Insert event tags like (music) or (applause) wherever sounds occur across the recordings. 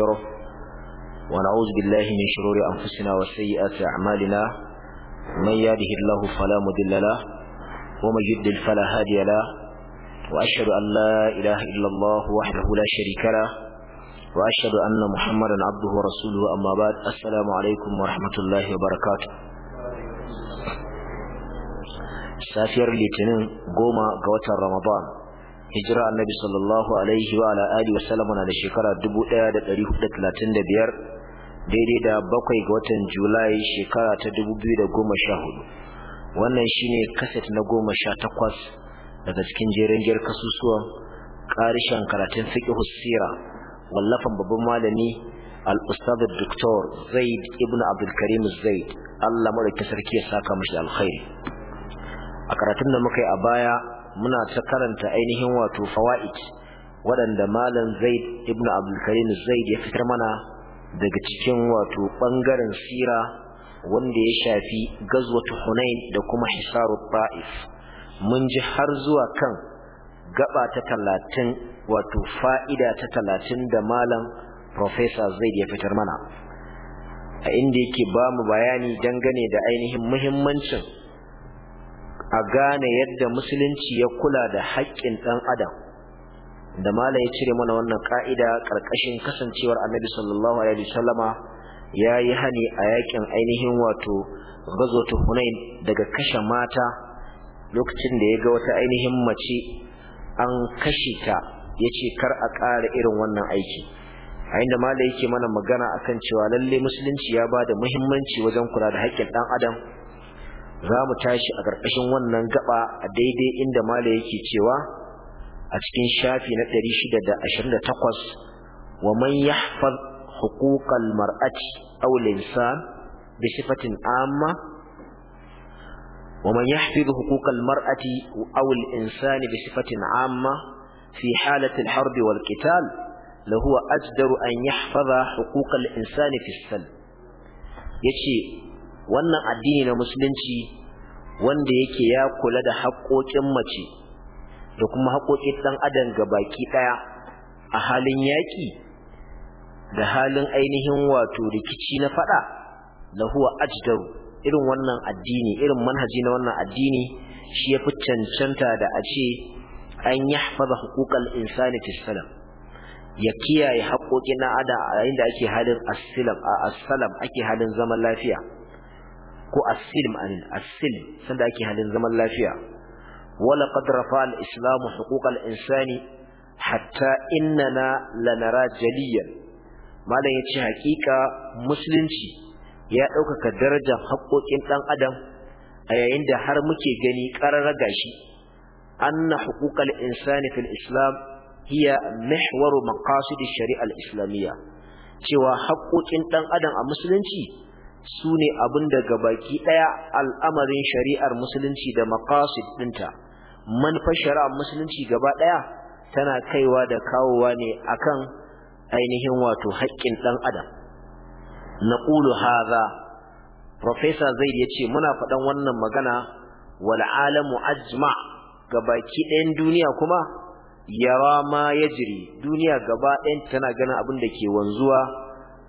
الترف ونعوذ بالله من شرور أنفسنا وسيئات أعمالنا من يهده الله فلا مضل له ومن يضلل فلا هادي له وأشهد أن لا إله إلا الله وحده لا شريك له وأشهد أن محمدا عبده ورسوله أما بعد السلام عليكم ورحمة الله وبركاته safiyar litinin goma ga watan ramadan hijira annabi sallallahu alaihi wa ala alihi sallam na da shekara 1435 daidai da bakwai ga watan julai shekara ta 2014 wannan shine kaset na 18 daga cikin jerin giyar kasusuwan karishan karatun fiqh sira wallafan babban malami al-ustad dr zaid ibn abdul karim zaid Allah da sarki ya saka mishi alkhairi a karatun da muka yi a baya muna ta karanta ainihin wato fawaid waɗanda malam zaid ibn abdulkarim zaid ya fitar mana daga cikin wato ɓangaren sira wanda ya shafi gazwatu hunain da kuma hisaru ta'if mun ji har zuwa kan gaba ta talatin wato fa'ida ta talatin da malam professor zaid ya fitar mana a inda yake ba mu bayani dangane da ainihin muhimmancin a gane yadda musulunci ya kula da haƙƙin ɗan adam da mala ya cire mana wannan ka'ida ƙarƙashin kasancewar annabi sallallahu alaihi wasallama ya yi hani a yaƙin ainihin wato gazotu hunain daga kashe mata lokacin da ya ga wata ainihin mace an kashe ta ya ce kar a ƙara irin wannan aiki a inda mala yake mana magana akan cewa lalle musulunci ya ba da muhimmanci wajen kula da haƙƙin ɗan adam za mu tashi a ƙarƙashin wannan gaba a daidai inda mala yake cewa a cikin shafi na 628 wa man yahfaz huquqal mar'ati aw al-insan bi sifatin amma wa man yahfaz huquqal mar'ati aw al-insan bi sifatin amma fi halati al-harb wal qital lahu ajdaru an yahfaza huquqal insani fi as-salb yace wannan addini na musulunci wanda yake ya kula da haƙoƙin mace da kuma haƙoƙin ɗan adam ga baki ɗaya a halin yaƙi da halin ainihin wato rikici na faɗa na huwa ajdaru irin wannan addini irin manhaji na wannan addini shi ya fi cancanta da a ce an yahfaza huquqal insani fi salam ya kiyaye haƙoƙin na ada a yayin da ake halin asalam ake halin zaman lafiya ko as-silm anin as-silm sanda ake halin zaman lafiya wala qad rafa al-islam huquq al-insani hatta innana lanara jaliyan malam yace hakika musulunci ya ɗaukaka darajar haƙoƙin ɗan adam a yayin da har muke gani ƙararra gashi anna huquqal insani fil islam hiya mihwaru maqasid shari'a al-islamiyya cewa haƙoƙin ɗan adam a musulunci su ne abin da baki ɗaya al'amarin shari'ar musulunci da maqasid ɗinta manufar shari'ar musulunci gaba ɗaya tana kaiwa da kawowa ne akan ainihin wato haƙƙin ɗan adam na ƙulu haza profesa zai ya ce muna faɗan wannan magana wal alamu ajma gabaki ɗayan duniya kuma yawa ma ya duniya gaba ɗayan tana ganin abin da ke wanzuwa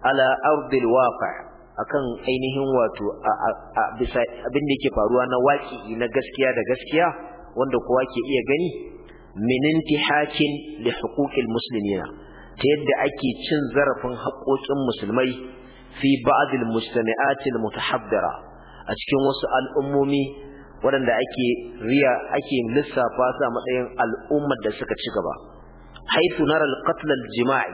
ala ardil waqa' akan ainihin wato abin da yake faruwa na waki na gaskiya da gaskiya wanda kowa ke iya gani min intihakin li huquqil muslimina ta yadda ake cin zarafin haƙoƙin musulmai fi ba'd al al mutahaddara a cikin wasu al'ummomi waɗanda ake riya ake lissafa su a matsayin al'ummar da suka ci gaba haythu nara al qatl al jima'i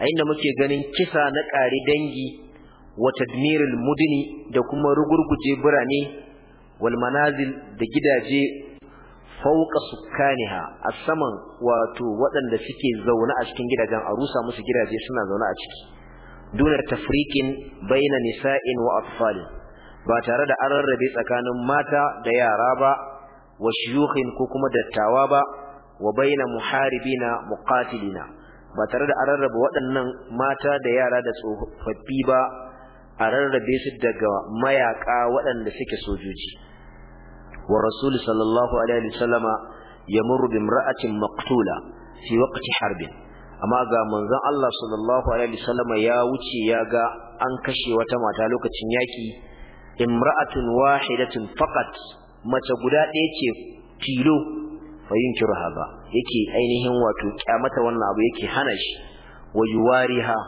a inda muke ganin kisa na ƙari dangi wa tadmiril mudini da kuma rugurguje birane wal manazil da gidaje fauka sukkaniha a saman wato waɗanda suke zaune a cikin gidajen a rusa musu gidaje suna zaune a ciki dunar tafrikin baina nisa'in wa ba tare da an rarrabe tsakanin mata da yara ba wa shiyukhin ko kuma dattawa ba wa baina muharibina muqatilina ba tare da an rarrabe waɗannan mata da yara da tsofaffi ba a rarrabe su daga mayaka waɗanda suke sojoji wa rasul sallallahu alaihi wasallama yamurru bi imra'atin maqtula fi waqti harbin amma ga manzon Allah sallallahu alaihi wasallama ya wuce ya ga an kashe wata mata lokacin yaki imra'atun wahidatun faqat mace guda ɗaya ce tilo fayinkiru haza yake ainihin wato kyamata wannan abu yake hana shi wa yuwariha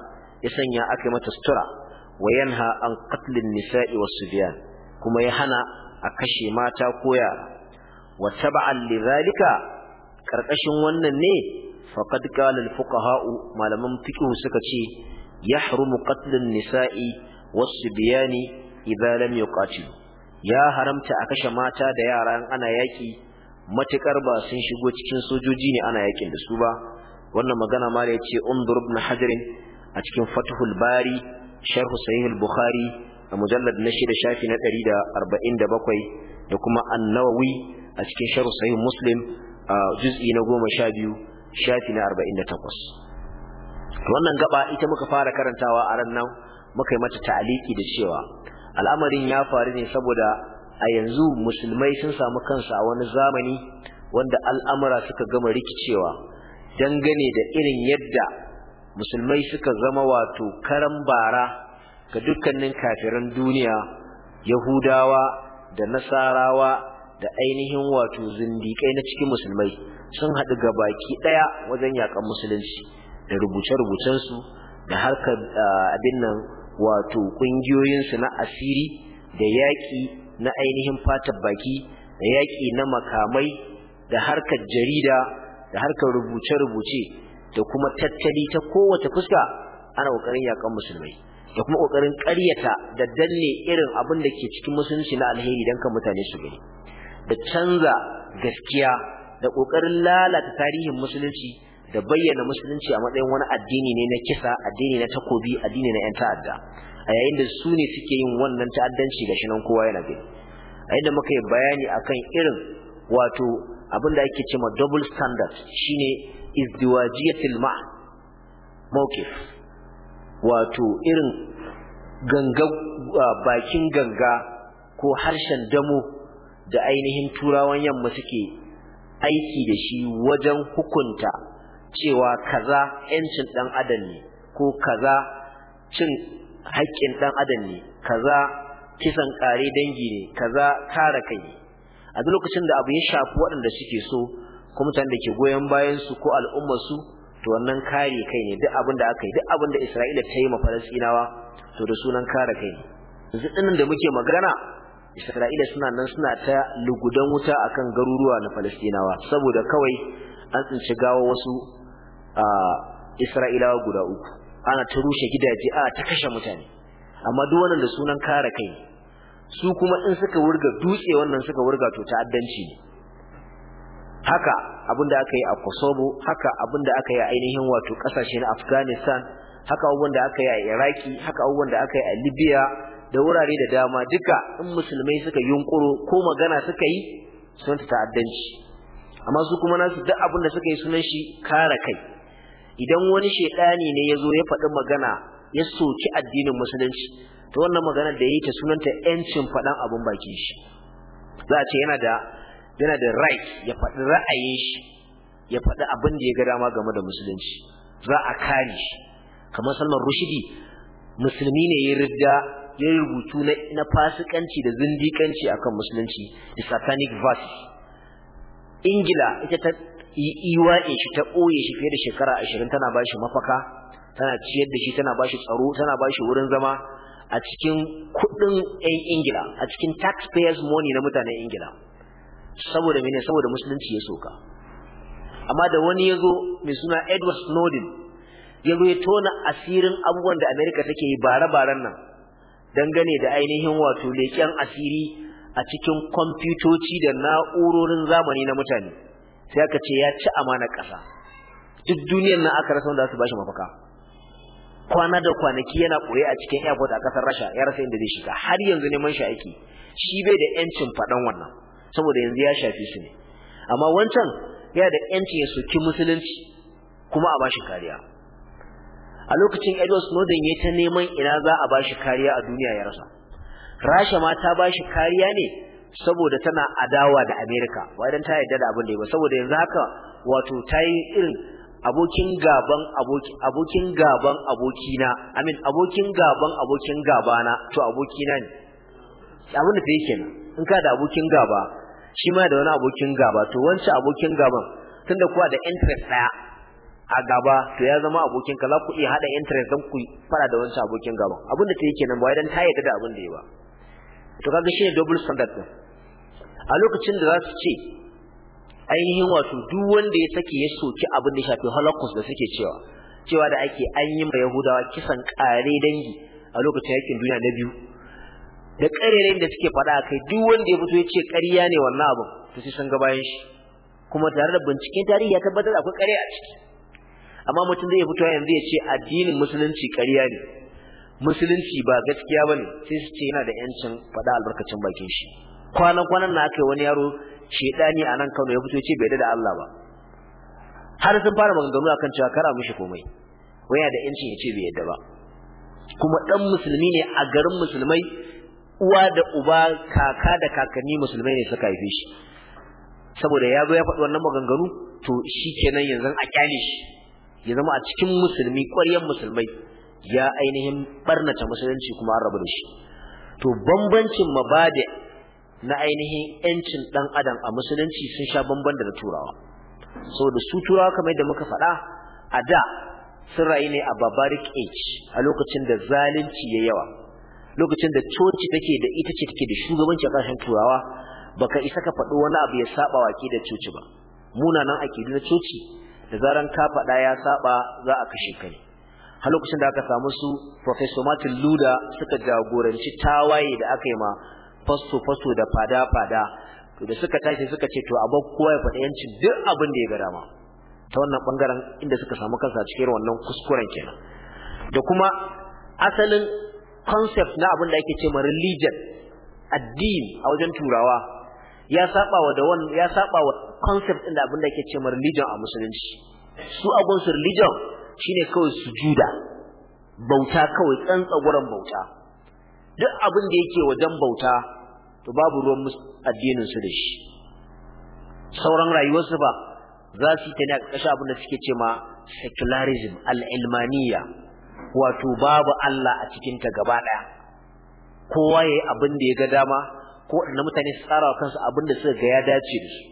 ya sanya aka mata sutura wa yanha an qatlin nisa'i was sibyan kuma ya hana a kashe mata ko yara wa tab'an ƙarƙashin karkashin wannan ne faqad qala al fuqaha malaman fiqh suka ce yahrumu qatlun nisa'i was sibyan idza lam yuqatil ya haramta a kashe mata da yara in ana yaki matukar ba sun shigo cikin sojoji ne ana yakin da su ba wannan magana ma da ce undur ibn hajar a cikin fathul bari sharhu sahih al-bukhari a mujallar na shida shafi na 147 da kuma an-nawawi a cikin sharhu sahih muslim a goma na 12 shafi na 48 wannan gaba ita muka fara karantawa a ran nan muka yi mata ta'aliki da cewa al'amarin ya faru ne saboda a yanzu musulmai sun samu kansu a wani zamani wanda al'amura suka gama rikicewa dangane da irin yadda musulmai suka zama wato karan bara ga dukkanin kafiran duniya yahudawa da nasarawa da ainihin wato zindiƙai na cikin musulmai sun haɗu ga baki ɗaya wajen yaƙan musulunci da rubuce-rubucensu da harkar abin nan wato ƙungiyoyinsu na asiri da yaƙi na ainihin fatar baki da yaƙi na makamai da harkar jarida da harkar rubuce-rubuce da kuma tattali ta kowace fuska ana kokarin yakan musulmai da kuma kokarin ƙaryata da danne irin abin da ke cikin musulunci na alheri dan kan mutane su gani da canza gaskiya da kokarin lalata tarihin musulunci da bayyana musulunci a matsayin wani addini ne na kisa addini na takobi addini na yan ta'adda a yayin da su ne suke yin wannan ta'addanci ga shi nan kowa yana gani a yadda muka yi bayani akan irin wato abin da ake cewa double standard shine izdiwajiyatil ma mawqif wato irin ganga bakin ganga ko harshen damo da ainihin turawan yamma suke aiki da shi wajen hukunta cewa kaza yancin dan adam ne ko kaza cin haƙƙin dan adam ne kaza kisan kare dangi ne kaza kare kai a duk lokacin da abu ya shafi waɗanda suke so ko da ke goyon bayan su ko al'ummar su to wannan kare kai ne duk abin da aka yi duk abin da Isra'ila ta yi ma Falasɗinawa to da sunan kare kai yanzu dinnan da muke magana Isra'ila suna nan suna ta lugudan wuta akan garuruwa na Falasɗinawa saboda kawai an tsinci gawo wasu a Isra'ilawa guda uku ana ta rushe gidaje a ta kashe mutane amma duk wannan da sunan kare kai su kuma in suka wurga dutse wannan suka wurga to ta'addanci ne haka abinda aka yi a Kosovo haka abinda aka yi a ainihin wato kasashe na Afghanistan haka abubuwan da aka yi a Iraki haka abubuwan da aka yi a Libya da wurare da dama duka in musulmai suka yunkuro ko magana suka yi sun ta'addanci amma su kuma nasu duk abin da suka yi sunan shi kare kai idan wani shedani ne ya zo ya faɗi magana ya soki addinin musulunci to wannan magana da ya yake sunanta yancin faɗan abin baki shi za a ce yana da yana da right ya faɗi ra'ayin shi ya faɗi abin da ya ga dama game da musulunci za a kare shi kamar salman rushidi musulmi ne ya rida ya rubutu na fasikanci da zindikanci akan musulunci the satanic verse ingila ita ta iwaye shi ta ɓoye shi fiye da shekara ashirin tana ba shi mafaka tana ciyar da shi tana ba shi tsaro tana ba shi wurin zama a cikin kuɗin 'yan ingila a cikin taxpayers money na mutanen ingila saboda mene saboda musulunci ya soka amma da wani yazo mai suna Edward Snowden yazo ya tona asirin abubuwan da America take yi bare-baren nan dangane da ainihin wato leken asiri a cikin kwamfutoci da na'urorin zamani na mutane sai aka ce ya ci amana ƙasa duk duniyar nan aka rasa wanda za su bashi mafaka kwana da kwanaki yana koye a cikin airport a ƙasar Rasha ya rasa inda zai shiga har yanzu neman shi aiki shi bai da yancin faɗan wannan saboda yanzu ya shafi su ne amma wancan yana da yanci ya soki musulunci kuma a bashi kariya a lokacin Edward Snowden ya ta neman ina za a bashi kariya a duniya ya rasa Rasha ma ta bashi kariya ne saboda tana adawa da Amerika ba idan ta yarda da abin da ya ba saboda yanzu haka wato ta yi irin abokin gaban abokin gaban abokina amin abokin gaban abokin gabana to abokina ne abin da yi kenan in ka da abokin gaba shi ma da wani abokin gaba to wancan abokin gaban tunda kuwa da interest daya a gaba to ya zama abokin ka za ku iya hada interest don ku fara da wancan abokin gaban abin da ta yi kenan ba idan dan ta yi da abin da ya ba to kaga ne double standard din a lokacin da za su ce ainihin wato duk wanda ya sake ya soki abin da shafi holocaust da suke cewa cewa da ake an yi ma yahudawa kisan kare dangi a lokacin yakin duniya na biyu da ƙarerayin da suke faɗa kai duk wanda ya fito ya ce ƙarya ne wannan abin to sai sun ga bayan shi kuma tare da binciken tarihi ya tabbatar da akwai ƙarya a ciki amma mutum zai fito yanzu ya ce addinin musulunci ƙarya ne musulunci ba gaskiya bane sai su ce yana da yancin faɗa albarkacin bakin shi kwanan kwanan na aka yi wani yaro shedani a nan Kano ya fito ce bai da Allah ba har sun fara maganganu akan cewa kara mishi komai waya da yancin ya ce bai yadda ba kuma dan musulmi ne a garin musulmai uwa da uba kaka da kakanni musulmai ne suka haife shi saboda ya zo ya faɗi wannan maganganu to shi kenan yanzu a kyale shi ya zama a cikin musulmi ƙwaryen musulmai ya ainihin barnata musulunci kuma an rabu da shi to bambancin mabade na ainihin yancin dan adam a musulunci sun sha bamban da turawa saboda su turawa kamar yadda muka faɗa a da sun rayu ne a barbaric age a lokacin da zalunci ya yawa lokacin da coci take da ita ce take da shugabanci a ƙasashen turawa baka isa ka faɗo wani abu ya saba wa da coci ba munanan akidu na coci da zaran ka faɗa ya saba za a kashe ka ne har lokacin da aka samu su professor Martin Luther suka jagoranci tawaye da aka yi ma fasto fasto da fada fada da suka tashi suka ce to abin kowa ya faɗa yancin duk abin da ya ga dama ta wannan bangaren inda suka samu kansa cikin wannan kuskuren kenan da kuma asalin concept na abin da ake cewa religion addini a wajen turawa ya saba wa da wannan ya saba wa concept din da abin da ake cewa religion a musulunci su abun su religion shine kawai sujuda bauta kawai tsantsaguran bauta duk abin da yake wajen bauta to babu ruwan addinin su da shi sauran rayuwarsu ba za su yi ta ne a ƙarƙashin abin da suke ce ma secularism al-ilmaniyya wato babu Allah a cikin ta gaba daya kowa yayi abin da ya ga dama ko inda mutane su tsara kansu abin da suka ga ya dace da su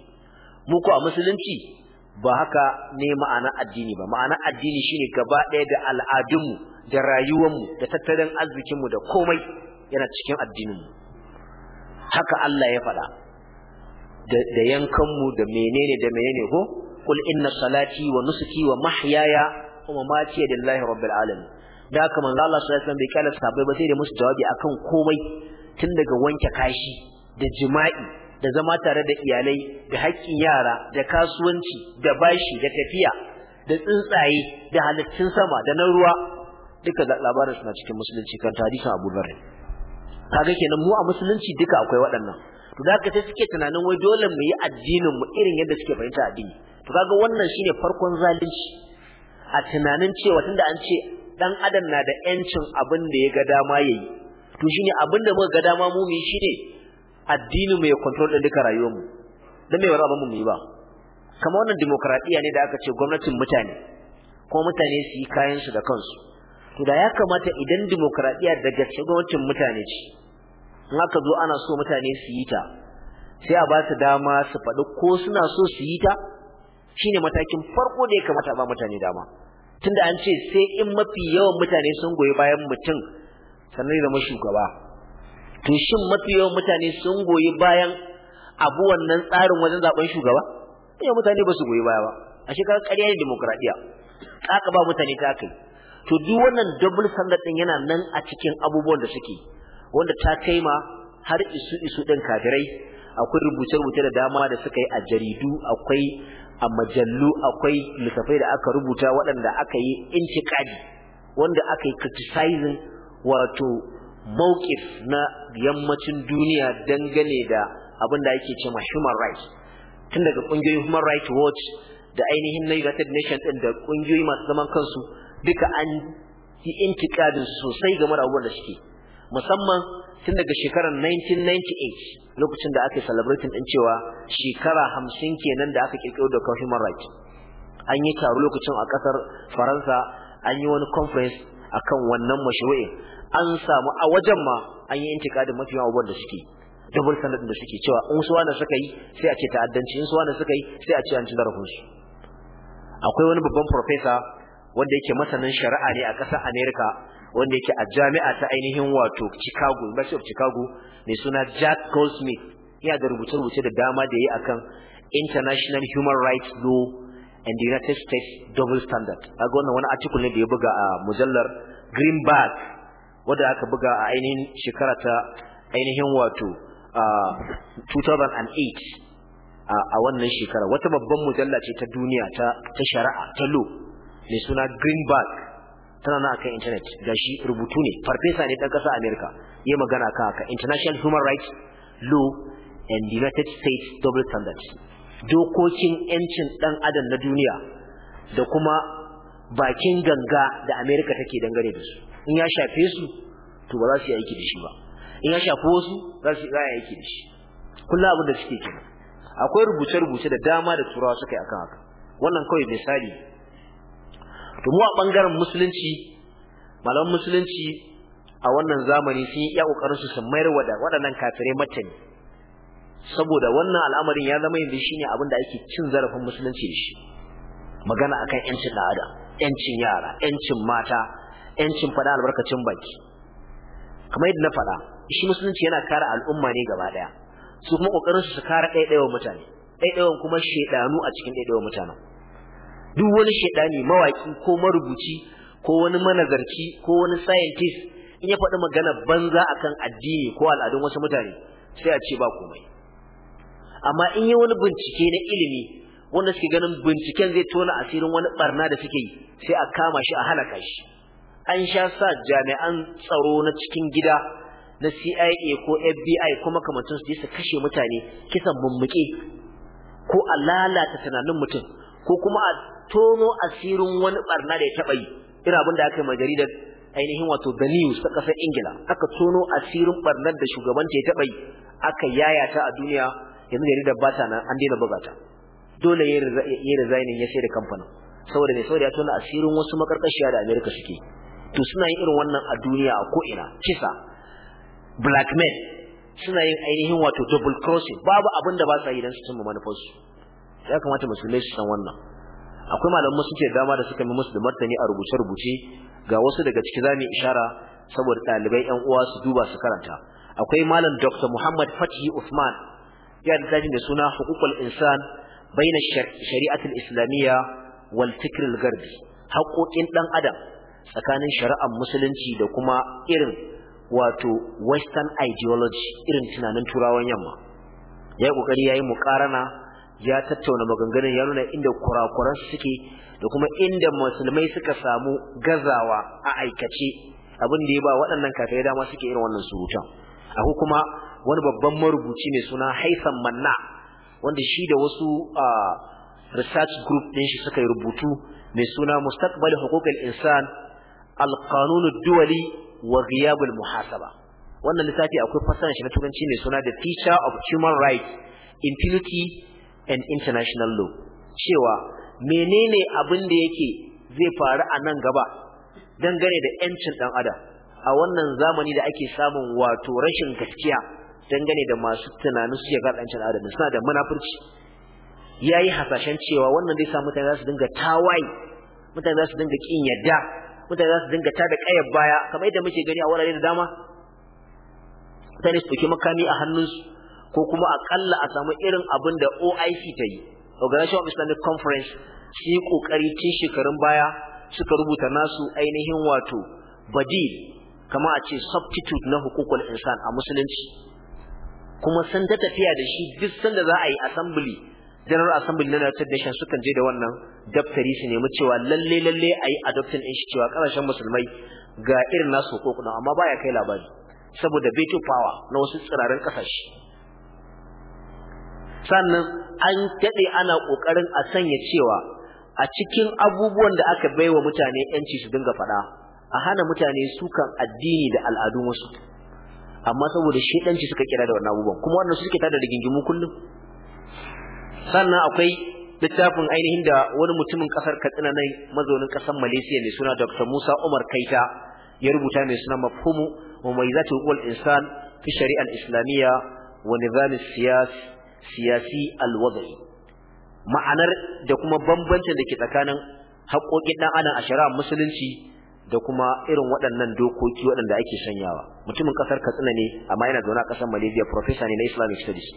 mu ko a musulunci ba haka ne ma'ana addini ba ma'ana addini shine gaba daya da al'adunmu da rayuwar mu da tattalin mu da komai yana cikin addinin mu haka Allah ya faɗa da yankanmu da menene da menene ko qul inna salati wa nusuki wa mahyaya kuma ma mamati lillahi rabbil alamin da haka manzo Allah sallallahu alaihi wasallam bai kyale sahabbai ba sai da musu jawabi akan komai tun daga wanke kashi da jima'i da zama tare da iyalai da haƙƙin yara da kasuwanci da bashi da tafiya da tsuntsaye da halittun sama da na ruwa duka labarin suna cikin musulunci kan tarihi Abu Bakar kaga kenan mu a musulunci duka akwai waɗannan to da haka sai suke tunanin wai dole mu yi addinin mu irin yadda suke fahimta addini to kaga wannan shine farkon zalunci a tunanin cewa tunda an ce dan adam na da yancin abin da ya ga dama yayi to shine abin da muka ga dama mu mu shine addini mu ya control din duka rayuwar mu dan me wara mu mu yi ba kamar wannan demokradiya ne da aka ce gwamnatin mutane ko mutane su yi kayan su da kansu to da ya kamata idan demokradiya da gaske gwamnatin mutane ce in aka zo ana so mutane su yi ta sai a ba su dama su faɗi ko suna so su yi ta shine matakin farko da ya kamata a ba mutane dama tunda an ce sai in mafi yawan mutane sun goyi bayan mutum sannan zama shugaba to shin mafi yawan mutane sun goyi bayan abu wannan tsarin wajen zaben shugaba yawan mutane ba su goyi baya ba a shekarar ƙarya ne demokradiya kaka ba mutane ta kai to duk wannan double standard din yana nan a cikin abubuwan da suke wanda ta kai ma har isu isu din kafirai akwai rubuce-rubuce da dama da suka yi a jaridu akwai a majallu akwai littafai da aka rubuta waɗanda aka yi intiƙadi wanda aka yi criticizing wato mawqif na yammacin duniya dangane da abin da ake cewa human rights tun daga ƙungiyoyin human rights watch da ainihin na United Nations ɗin da ƙungiyoyi masu zaman kansu duka an yi intiƙadin sosai game da abubuwan da suke musamman tun daga shekarar 1998 lokacin da aka celebrating din cewa shekara 50 kenan da aka kirkiro da human rights an yi taro lokacin a kasar Faransa an yi wani conference akan wannan mashru'in an samu a wajen ma an yi intikadin mafi yawan da suke double sanadin da suke cewa in su wani suka yi sai a ce ta'addanci in su wani suka yi sai a ce an ci zarafin su akwai wani babban professor wanda yake masanin shari'a ne a ƙasar America wanda yake a jami'a ta ainihin wato Chicago University of Chicago mai suna Jack Goldsmith yana da rubuce-rubuce da dama da yi akan international human rights law and the United States double standard A ga wannan wani article ne da ya buga a mujallar Greenback wanda aka buga a ainihin shekara ta ainihin wato 2008 a wannan shekara wata babban mujalla ce ta duniya ta shari'a ta law mai suna Greenback tana na akan internet shi rubutu ne farfesa ne dan kasa America yayi magana kan haka international human rights law and united states double standards dokokin yancin dan adam na duniya da kuma bakin ganga da Amerika take dangane da su in ya shafe su to ba za su yi aiki da shi ba in ya shafe wasu za su yi aiki da shi Kullum abin da suke kenan akwai rubuce-rubuce da dama da turawa suka yi akan haka wannan kawai misali to mu a bangaren musulunci malaman musulunci a wannan zamani sun yi iya kokarin su sun mayar wa waɗannan kafirai ne saboda wannan al'amarin ya zama yanzu shine abin da ake cin zarafin musulunci da shi magana akan yancin da yancin yara yancin mata yancin faɗa albarkacin banki. kamar yadda na faɗa shi musulunci yana kare al'umma ne gaba ɗaya su kuma kokarin su su kare ɗaiɗaiwa mutane ɗaiɗaiwan kuma shedanu a cikin ɗaiɗaiwan mutanen duk wani shaidani mawaki ko marubuci ko wani manazarci ko wani scientist in ya faɗi magana banza akan addini ko al'adun wasu mutane sai a ce ba komai amma in yi wani bincike na ilimi wanda suke ganin binciken zai tona asirin wani barna da suke yi sai a kama shi a halaka shi an sha sa jami'an tsaro na cikin gida na CIA ko FBI ko makamantan su su kashe mutane kisan mummuke ko a lalata tunanin mutum ko kuma a tono asirin wani barna da ya taba yi irin abin da aka yi ma da ainihin wato The News ta kasar Ingila aka tono asirin barnar da shugaban ta ya taba yi aka yayata a duniya yanzu jaridar da bata nan an daina buga ta dole ya resigning ya da kamfanin saboda ne saboda ya tona asirin wasu makarkashiya da America suke to suna yin irin wannan a duniya a ko'ina kisa blackmail suna yin ainihin wato double crossing babu abin da ba sa yi don su cimma manufarsu ya kamata musulmai su san wannan akwai malaman suke da dama da suka yi musu da martani a rubuce rubuce ga wasu daga ciki zamu ishara saboda dalibai yan uwa su duba su karanta akwai malam Dr. Muhammad Fathi Usman, ya da da suna huququl insan baina shari'atul islamiyya wal fikr al garbi haƙoƙin dan adam tsakanin shari'ar musulunci da kuma irin wato western ideology irin tunanin turawan yamma yayi kokari yayi muƙarana ya tattauna maganganun ya nuna inda kurakuran suke da kuma inda musulmai suka samu gazawa a aikace abin da ya ba waɗannan kafirai dama suke irin wannan surutan akwai kuma wani babban marubuci mai suna Haitham Manna wanda shi da wasu research group ɗin shi suka yi rubutu mai suna Mustaqbal Huququl Insan Al-Qanun duwali wa Ghiyab muhasaba wannan littafi akwai fasaran shi na turanci mai suna The Teacher of Human Rights Impunity and international law cewa menene abin da yake zai faru a nan gaba dangane da yancin dan adam a wannan zamani da ake samun wato rashin gaskiya dangane da masu tunanin su ga yancin adam suna da munafurci yayi hasashen cewa wannan zai sa mutane za su dinga tawaye mutane za su dinga kin yadda mutane za su dinga da kayar baya kamar yadda muke gani a wurare da dama mutane su ɗauki makami a hannunsu ko kuma akalla a samu irin abin da OIC ta yi Organization of Islamic Conference shi kokari tun shekarun baya suka rubuta nasu ainihin wato badil kama a ce substitute na hukukul insan a musulunci kuma sun ta tafiya da shi duk sanda za a yi assembly general assembly na United Nations sukan je da wannan daftari su nemi cewa lalle lalle a yi adoption din shi cewa kasashen musulmai ga irin nasu hukukun amma baya kai labari saboda veto power na wasu tsirarin kasashe sannan an daɗe ana ƙoƙarin a sanya cewa a cikin abubuwan da aka baiwa mutane yanci su dinga faɗa a hana mutane sukan addini da al'adun wasu amma saboda shedanci suka kira da wannan abubuwan kuma wannan suke tada da gingimu kullum sannan akwai littafin ainihin da wani mutumin kasar Katsina nan mazaunin kasar Malaysia ne suna Dr. Musa Umar Kaita ya rubuta mai suna mafhumu wa zata insan fi shari'a al-islamiyya wa nizam al-siyas siyasi alwadai ma'anar da kuma bambancin da ke tsakanin haƙoƙin ɗan adam a shari'a musulunci da kuma irin waɗannan dokoki waɗanda ake sanyawa mutumin ƙasar katsina ne amma yana zaune a ƙasar malaysia professor ne na islamic studies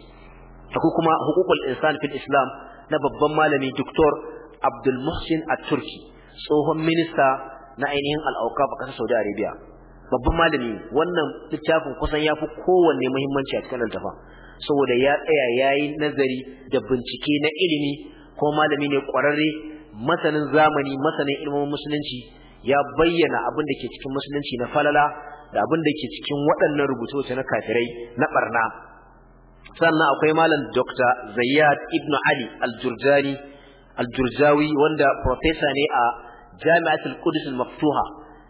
akwai kuma hukukul insan fil islam na babban malami doktor abdul muhsin at-turki tsohon minista na ainihin al-awqaf a ƙasar saudi arabia babban malami wannan littafin kusan yafi kowanne muhimmanci a cikin littafin saboda ya tsaya yayi nazari da bincike na ilimi kuma malami ne ƙwararre, masanin zamani masanin ilimin musulunci ya bayyana abin da ke cikin musulunci na falala da abin da ke cikin waɗannan rubuce na kafirai na barna sannan akwai malam Dr. Zayyad Ibn Ali al aljurjawi jurjawi wanda profesa ne a Jami'atul kudus Al-Maftuha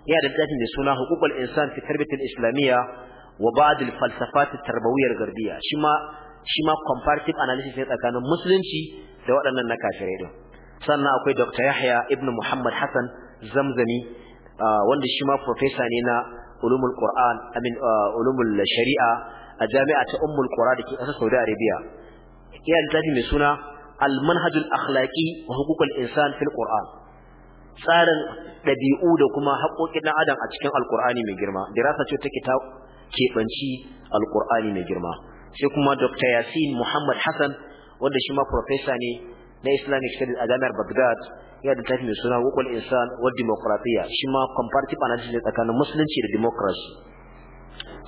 yana da littafin mai suna Huququl Insan fi Tarbiyatil Islamiyya wa ba'd al-falsafat at-tarbawiyyah al-gharbiyya shi ma shi ma comparative analysis ne tsakanin musulunci da waɗannan na kafirai din sannan akwai Dr. Yahya ibn Muhammad Hassan Zamzami wanda shi ma professor ne na ulumul Qur'an amin ulumul shari'a a jami'a ta Ummul Qura dake ƙasar Saudi Arabia ya littafi mai suna Al-Manhajul Akhlaqi wa Huququl Insan fil Qur'an tsarin ɗabi'u da kuma haƙoƙin ɗan adam a cikin Alƙur'ani mai girma dirasa ce ta ta keɓanci alƙur'ani mai girma sai kuma dr yasin muhammad hassan wanda shi ma profesa ne na islamic studies a jami'ar baghdad ya da tafi mai suna hukul insan wa demokratiya shi ma comparative analysis ne tsakanin musulunci da democracy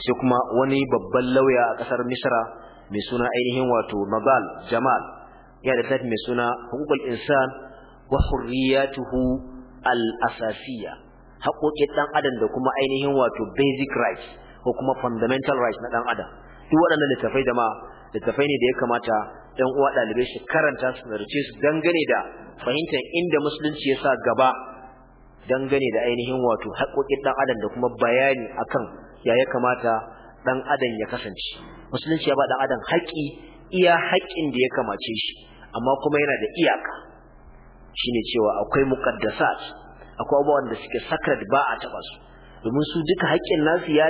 sai kuma wani babban lauya a ƙasar misra mai suna ainihin wato nabal jamal ya da tafi mai suna hukul insan wa hurriyatuhu al-asasiyya haƙoƙin ɗan adam da kuma ainihin wato basic rights ko kuma fundamental rights na dan adam duk waɗannan littafai ma littafai ne da ya kamata ɗan uwa ɗalibai shi karanta su rice su dangane da fahimtar inda musulunci ya sa gaba dangane da ainihin wato haƙoƙin ɗan adam da kuma bayani akan ya ya kamata ɗan adam ya kasance musulunci ya ba ɗan adam haƙƙi iya haƙƙin da ya kamace shi amma kuma yana da iyaka shine cewa akwai muqaddasat akwai abubuwan da suke sacred ba a taɓa su domin su duka haƙƙin nasu ya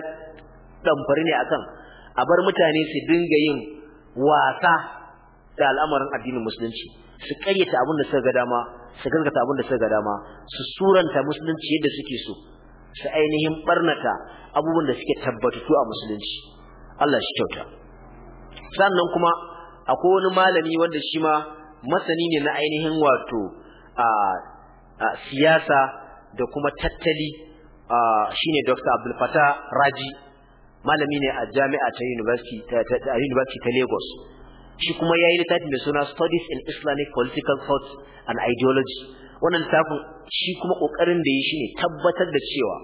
damfari ne akan a bar mutane su dinga yin wasa da al'amarin addinin musulunci su karyata abin da suka ga dama su gaskata abin da suka ga dama su suranta musulunci yadda suke so su ainihin barnata abubuwan da suke tabbatutu a musulunci Allah shi kyauta sannan kuma akwai wani malami wanda shi ma masani ne na ainihin wato a siyasa da kuma tattali shine Dr. Abdul Fatah Raji malami ne a jami'a ta university ta university ta Lagos shi kuma yayi littafin mai suna Studies in Islamic Political Thought and Ideology wannan littafin shi kuma kokarin da yi ne tabbatar da cewa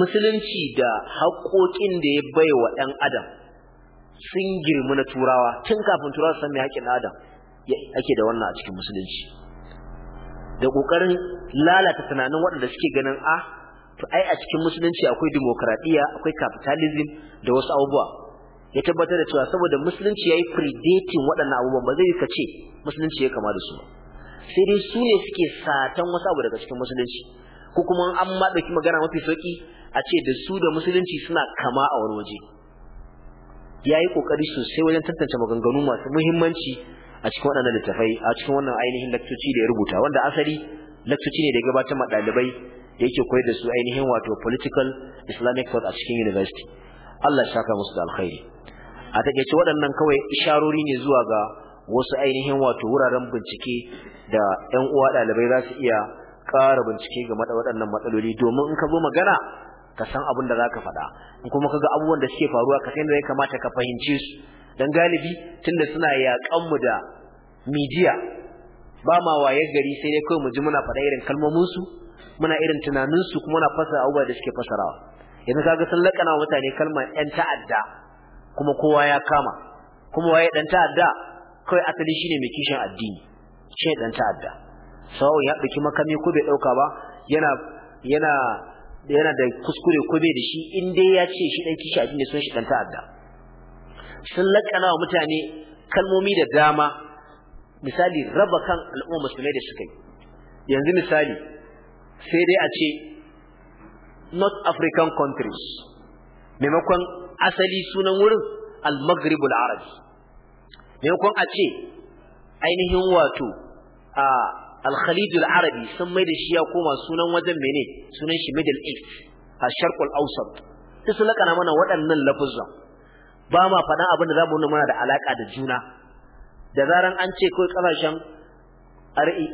musulunci da haƙoƙin da ya bai wa ɗan adam sun girma na turawa tun kafin turawa san mai haƙƙin adam ake da wannan a cikin musulunci da ƙoƙarin lalata tunanin waɗanda suke ganin a ah, to ai a cikin musulunci akwai demokradiya akwai capitalism da wasu abubuwa ya tabbatar da cewa saboda musulunci yayi predating waɗannan abubuwan ba zai kace musulunci ya kama da su sai dai su ne suke satan wasu abu daga cikin musulunci ko kuma an ma dauki magana mafi sauki a ce da su da musulunci suna kama a wani waje yayi kokari sosai wajen tantance maganganu masu muhimmanci a cikin waɗannan littafai a cikin wannan ainihin lakcoci da ya rubuta wanda asali lakcoci ne da ya gabatar ma ɗalibai da yake koyar da su ainihin wato political islamic thought a cikin university Allah ya saka musu da alkhairi a ce waɗannan kawai isharori ne zuwa ga wasu ainihin wato wuraren bincike da ƴan uwa ɗalibai za su iya ƙara bincike ga da waɗannan matsaloli domin in ka zo magana ka san abin da zaka faɗa in kuma kaga abubuwan da suke faruwa ka san da ya kamata ka fahimci su dan galibi tunda suna yaƙan mu da mijiya, ba ma waye gari sai dai kawai mu ji muna faɗa irin kalmomin su muna irin tunanin su kuma na fasara abubuwa da suke fasarawa yanzu kaga sun lakana mutane kalmar yan ta'adda kuma kowa ya kama kuma waye dan ta'adda kai asali shine mai kishin addini shi ɗan ta'adda sau ya ɗauki makami ko bai ɗauka ba yana yana yana da kuskure ko bai da shi in dai ya ce shi ɗan kishin addini sun shi dan ta'adda sun lakana wa mutane kalmomi da dama misali raba kan al'umma musulmai da suka yi yanzu misali sai dai a ce north african countries maimakon asali sunan wurin al-maghrib al-arabi maimakon a ce ainihin wato a al-khalid al-arabi sun mai da shi ya koma sunan wajen mene sunan shi middle east a sharq al-awsat duk lakana mana waɗannan lafuzan ba ma faɗa abin da za mu nuna mana da alaƙa da juna da zaran an ce kawai ƙasashen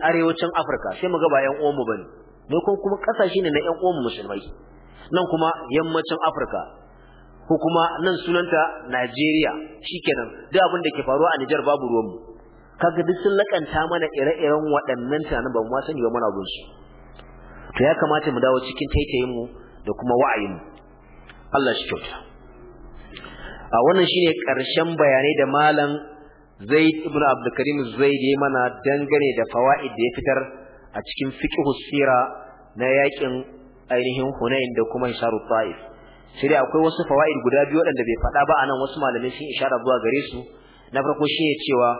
arewacin afirka sai mu ga ba 'yan uwanmu ne ko kuma kasashe ne na ƴan uwan musulmai nan kuma yammacin Afirka ko kuma nan sunanta Najeriya shikenan duk abin da ke faruwa a Niger babu ruwan mu kaga duk sun lakanta mana ire-iren waɗannan tunanin ba mu ma sani ba muna gun su to ya kamata mu dawo cikin taitayin mu da kuma wa'ayin mu Allah shi kyauta a wannan shine ƙarshen bayanai da malam Zaid ibn Abdul Karim Zaid ya mana dangane da fawaid da ya fitar a cikin fiqh sira na yakin ainihin Hunain da kuma Hisharu Taif sai dai akwai wasu fawaid guda biyu waɗanda bai faɗa ba anan wasu malamai sun ishara zuwa gare su na farko shi ne cewa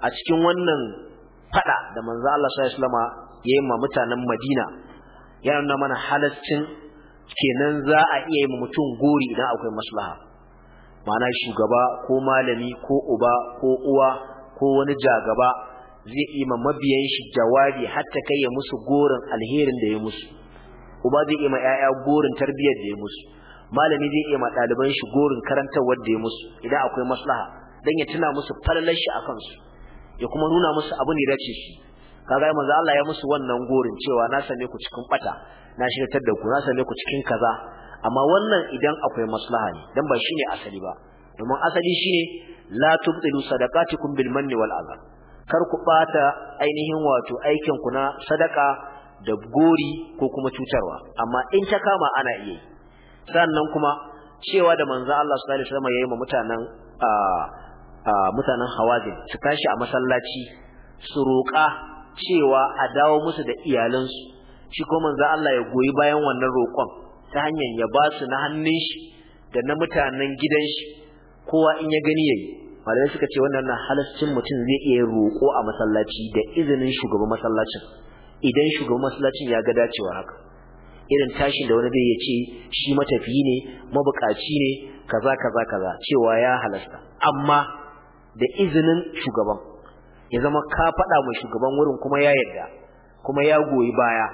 a cikin wannan faɗa da manzo Allah sallallahu alaihi wasallam yi ma mutanen Madina ya nuna mana halaccin kenan za a iya yi mutum gori idan akwai maslaha ma'ana shugaba ko malami ko uba ko uwa ko wani jagaba zai yi ma mabiyan shi jawabi hatta kai ya musu gorin alherin da ya musu uba zai yi ma yaya gorin tarbiyyar da ya musu malami zai yi ma ɗaliban shi gorin karantarwar da ya musu idan akwai maslaha dan ya tuna musu falalar shi akan su ya kuma nuna musu abu ne dace shi kaga manzo Allah ya musu wannan gorin cewa na same ku cikin bata na shirtar da ku na same ku cikin kaza amma wannan idan akwai maslaha ne dan ba shine asali ba domin asali shine la tubtilu sadaqatikum bil manni wal adha kar ku bata ainihin wato aikin ku na sadaka da gori ko kuma cutarwa amma in ta kama ana iya yi sannan kuma cewa da manzo Allah sallallahu alaihi wasallam yayi ma mutanen mutanen Hawazin su tashi a masallaci su roƙa cewa a dawo musu da iyalansu shi ko manzo Allah ya goyi bayan wannan roƙon ta hanyar ya ba su na hannun shi da na mutanen gidan shi kowa in ya gani yayi malamai suka ce wannan na halaccin mutum zai iya roƙo a masallaci da izinin shugaban masallacin idan shugaban masallacin ya ga dacewa haka irin tashin da wani zai ya ce shi matafiyi ne mabukaci ne kaza kaza kaza cewa ya halasta amma da izinin shugaban ya zama ka faɗa ma shugaban wurin kuma ya yarda kuma ya goyi baya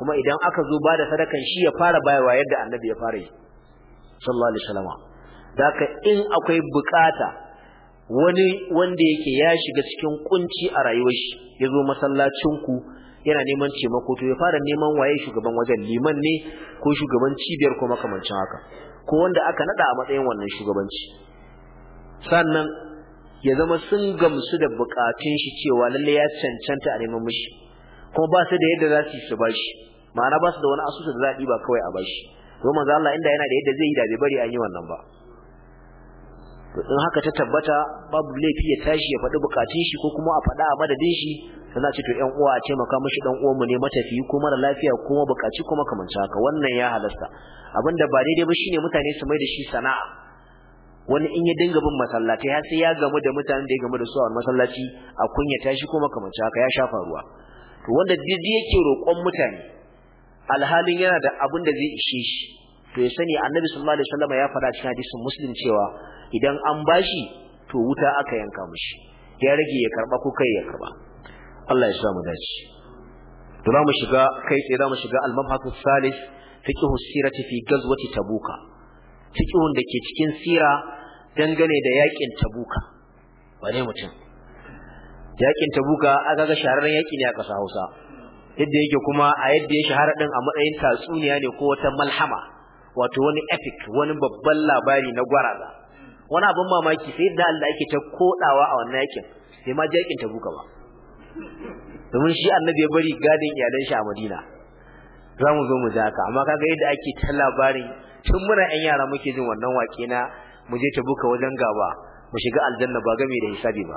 kuma idan aka zo ba da sadakan shi ya fara bayarwa yadda annabi ya fara yi sallallahu alaihi wasallam da in akwai bukata wani wanda yake ya shiga cikin kunci a rayuwar shi ya zo masallacin ku yana neman taimako to ya fara neman waye shugaban wajen liman ne ko shugaban cibiyar ko makamancin haka ko wanda aka nada a matsayin wannan shugabanci sannan ya zama sun gamsu da bukatun shi cewa lalle ya cancanta a neman mishi kuma ba su da yadda za su yi su bashi ma'ana ba su da wani asusu da za a ba kawai a bashi don manzo Allah inda yana da yadda zai yi da bai bari an yi wannan ba to in haka ta tabbata babu laifi ya tashi ya faɗi bukatun shi ko kuma a faɗa a madadin shi sai ce to ƴan uwa a taimaka mishi dan uwan mu ne matafi ko mara lafiya ko bukaci kuma kamar haka wannan ya halasta abinda ba daidai ba shine mutane su mai da shi sana'a wani in ya dinga bin masallaci har sai ya gamu da mutanen da ya gamu da su a masallaci a kunya tashi kuma kamar haka ya shafa ruwa to wanda duk yake roƙon mutane alhalin yana da abin da zai ishe shi to ya sani annabi sallallahu alaihi wasallam ya faɗa cikin hadisin muslim cewa idan an bashi to wuta aka yanka mishi ya rage ya karba ko kai ya karba Allah ya sa mu dace to za mu shiga kai tsaye za mu shiga al-mabhasu salis fiqhu sirati fi ghazwati tabuka fiqhun da ke cikin sira dangane da yakin tabuka wane mutum yakin tabuka aka ga shahararren yaki ne a ƙasa Hausa yadda yake kuma a yadda ya shahara din a matsayin tatsuniya ne ko wata malhama wato wani epic wani babban labari na gwaraza wani abin mamaki sai da Allah yake ta kodawa a wannan yakin sai ma jakin ta buka ba domin shi annabi ya bari gadin iyalan shi a Madina za mu zo mu ji haka amma kaga yadda ake ta labarin tun muna yan yara muke jin wannan wake na mu je ta buka wajen gaba mu shiga aljanna ba game da hisabi ba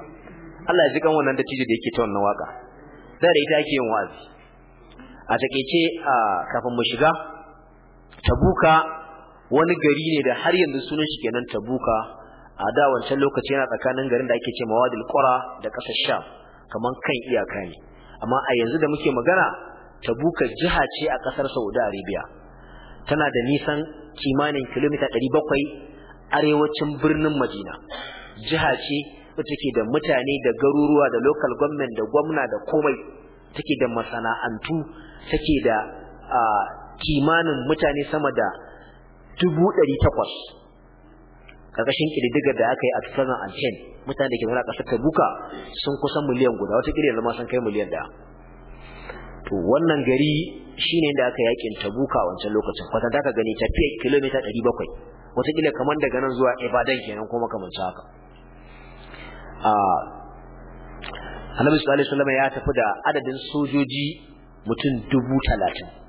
Allah ya ji kan wannan dattijo da yake ta wannan waka da ita ake yin wa'azi a take ce kafin mu shiga tabuka wani gari ne da har yanzu sunan shi kenan tabuka a da wancan lokaci yana tsakanin garin da ake ce mawadil qura da kasar sham kaman kan iyaka ne amma a yanzu da muke magana tabuka jiha ce a ƙasar saudi arabia tana da nisan kimanin kilomita 700 arewacin birnin madina jiha ce wacce ke da mutane da garuruwa da local government da gwamna da komai take da masana'antu take da ah, kimanin mutane sama da dubu ɗari takwas ƙarƙashin ƙididdigar da aka yi a alken mutane da ke zama ƙasar kabuka sun kusan miliyan guda wata ƙirya zama sun kai miliyan ɗaya to wannan gari shine da aka yakin tabuka a wancan lokacin kwatan da ka gani tafiya kilomita 700 wataƙila kamar daga nan zuwa ibadan kenan ko makamanci haka annabi sallallahu alaihi wasallam ya tafi da adadin sojoji mutum dubu talatin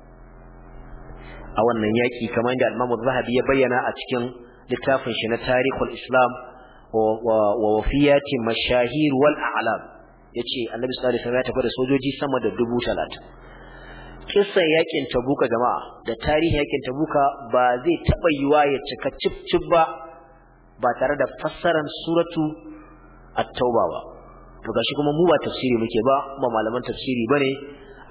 a wannan yaki kamar da Imam Zahabi ya bayyana a cikin littafin shi na Tarikhul Islam wa wafiyati mashahir wal a'lam yace Annabi sallallahu alaihi wasallam ya tafi da sojoji sama da 30 kissan yakin Tabuka jama'a da tarihin yakin Tabuka ba zai taba yiwa ya cika cip ba ba tare da fassaran suratu at-tauba ba to gashi kuma mu ba tafsiri muke ba ba malaman tafsiri bane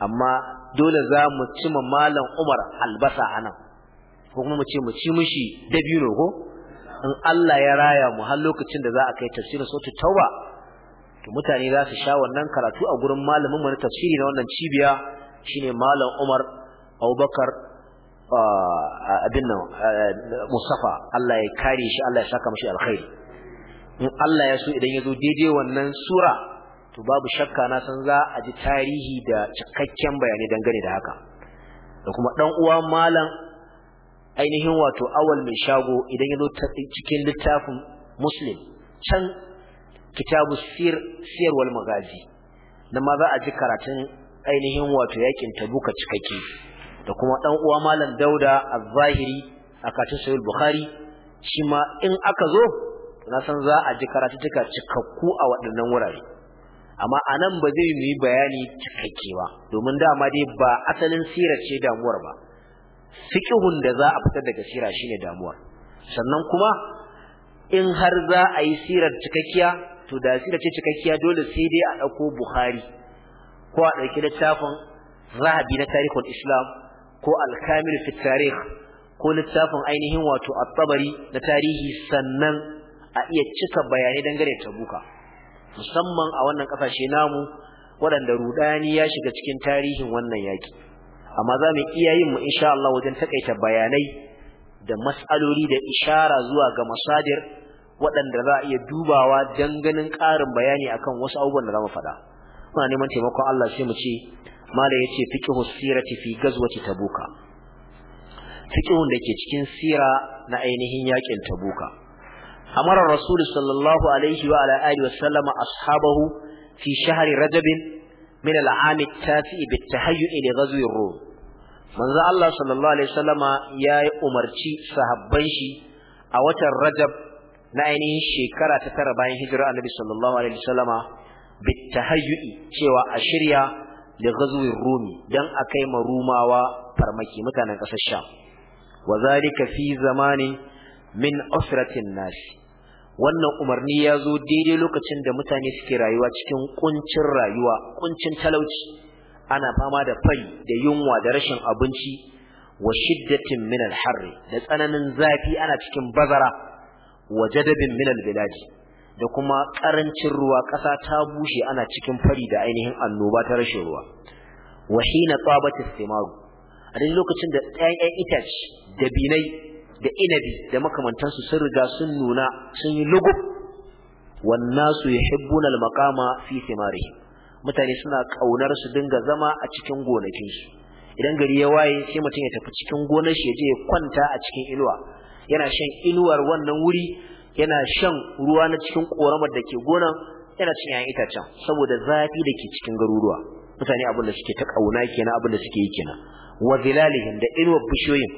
amma dole za mu ci ma malam Umar albasa nan. ko kuma mu ce mu ci mishi dabino ko in Allah ya raya mu har lokacin da za a kai tafsirin ta tauba to mutane za su sha wannan karatu a gurin malamin mu na tafsiri na wannan cibiya shine malam Umar Abubakar abin nan Mustafa Allah ya kare shi Allah ya saka mishi alkhairi in Allah ya so idan ya zo daidai wannan sura to babu shakka na san za a ji tarihi da cikakken bayani dangane da haka da kuma dan uwa malam ainihin wato awal mai shago idan ya zo cikin littafin muslim can kitabu sir sir wal magazi ma za a ji karatun ainihin wato yakin tabuka cikakke da kuma dan uwa malam dauda az-zahiri a katin sahih bukhari shi ma in aka zo na san za a ji karatu cikakku a waɗannan wurare amma a nan ba zai yi bayani cikakke ba domin dama dai ba asalin sirar ce damuwar ba fiqhun da za a fitar daga sira shine damuwar sannan kuma in har za a yi sirar cikakkiya to da sirar ce cikakkiya dole sai dai a dauko bukhari ko a dauki littafin zahabi na tarihin islam ko al-kamil fi tarikh ko littafin ainihin wato at-tabari na tarihi sannan a iya cika bayani dangane da tabuka musamman a wannan kasashe namu waɗanda rudani ya shiga cikin tarihin wannan yaki amma za mu iya yin mu insha Allah wajen takaita bayanai da mas'aloli da ishara zuwa ga masadir waɗanda za a iya dubawa don ganin ƙarin bayani akan wasu abubuwan da za mu faɗa muna neman taimakon Allah sai mu ce mala yace fiqhu sirati fi gazwati tabuka fiqhun da ke cikin sira na ainihin yakin tabuka amara rasul sallallahu alaihi wa ala alihi wa sallama ashabahu fi shahri rajab min al-aam at-tasi bi tahayyu li ghazwi ar-rum manzo Allah sallallahu ya umarci sahabban shi a watan rajab na ainihin shekara ta tara bayan hijira annabi sallallahu alaihi wa sallama bi tahayyu cewa a shirya li ghazwi ar-rumi dan akai marumawa farmaki mutanen kasar sham وذلك في زمان min usratin nasi wannan umarni ya zo daidai lokacin da mutane suke rayuwa cikin kuncin rayuwa kuncin talauci ana fama da fari da yunwa da rashin abinci wa shiddatin min al da tsananin zafi ana cikin bazara wa jadabin min al da kuma karancin ruwa ƙasa ta bushe ana cikin fari da ainihin annoba ta rashin ruwa wa hina tabat istimaru a lokacin da 'ya'yan itace da binai da inabi da makamantansu sun riga sun nuna sun yi lugub wannasu yuhibbuna al-maqama fi thimarihi mutane suna kaunar su dinga zama a cikin gonakin su idan gari ya waye sai mutum ya tafi cikin gonar shi je ya kwanta a cikin inuwa yana shan inuwar wannan wuri yana shan ruwa na cikin koramar da ke gonan yana cin yayin itacen saboda zafi da ke cikin garuruwa mutane abin da suke ta kauna kenan abin da suke yi kenan wa zilalihim da inuwar bishiyoyin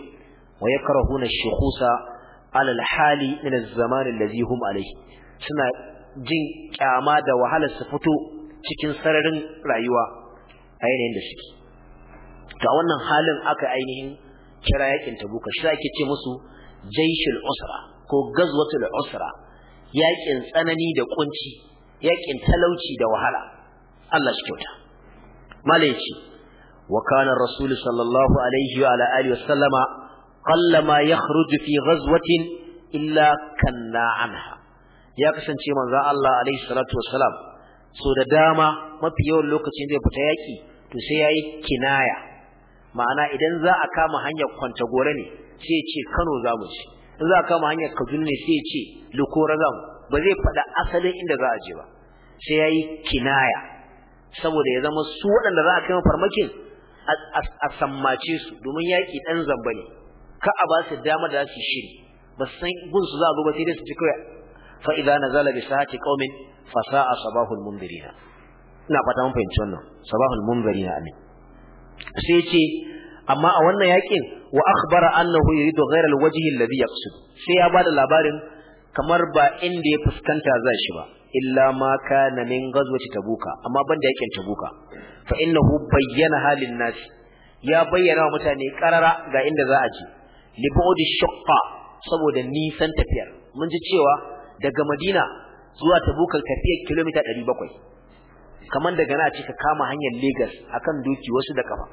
wa yakrahuna shukhusa ala alhali min az-zaman alladhi suna jin kyama da wahalar su fito cikin sararin rayuwa a yanayin da suke ga wannan halin aka ainihin kira yakin tabuka shi ake ce musu jaishul usra ko gazwatul usra yakin tsanani da kunci yakin talauci da wahala Allah shi kyauta malai ce wa kana rasul sallallahu alaihi wa ala alihi wa sallama qallama ya fi ghazwatin illa kanna anha ya kasance manzo Allah alaihi salatu wassalam so da dama mafi yawan lokacin zai fita yaki to sai yayi kinaya ma'ana idan za a kama hanyar kwanta gore ne sai ya ce Kano za mu ci in za a kama hanyar Kaduna ne sai ya ce Lokora za mu ba zai faɗa asalin inda za a je ba sai yayi kinaya saboda ya zama su waɗanda za a kai farmakin a sammace su domin yaki ɗan zamba ne ka a ba su dama da su shiri ba su san gun su za a zo ba sai dai su ci kawai fa idza nazala bi sahati qaumin fa sa'a sabahul mundirina ina fata mun fahimci wannan sabahul mundirina amin sai ce amma a wannan yakin wa akhbara annahu yuridu ghayra alwajhi alladhi yaqsid sai ya bada labarin kamar ba inda ya fuskanta za shi ba illa ma kana min ghazwati tabuka amma banda yakin tabuka fa innahu bayyana halin nasi ya bayyana wa mutane karara ga inda za a je li bu'di shaqqa saboda nisan tafiyar mun ji cewa daga Madina zuwa Tabuk tafiyar kilomita 700 kaman daga na ce ka kama hanyar Lagos akan doki wasu da kafa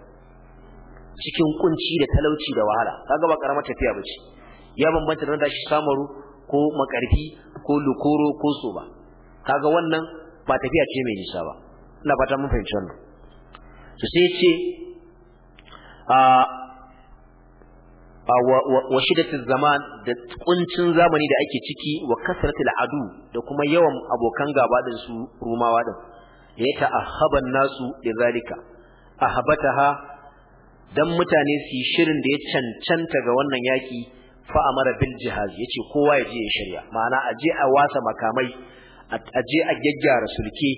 cikin kunci da talauci da wahala kaga ba karamar tafiya bace ya bambanta da shi samaru ko makarfi ko lukoro ko soba kaga wannan ba tafiya ce mai nisa ba ina fata mun fahimci wannan to sai ce ah, wa shidatul zaman da kuncin zamani da ake ciki wa kasratul adu da kuma yawan abokan gaba din su rumawa din ya ta'ahaba nasu da zalika ahabataha dan mutane su shirin da ya cancanta ga wannan yaki fa amara bil jihad yace kowa ya je ya shirya ma'ana a je a wasa makamai a je a gaggyara sulke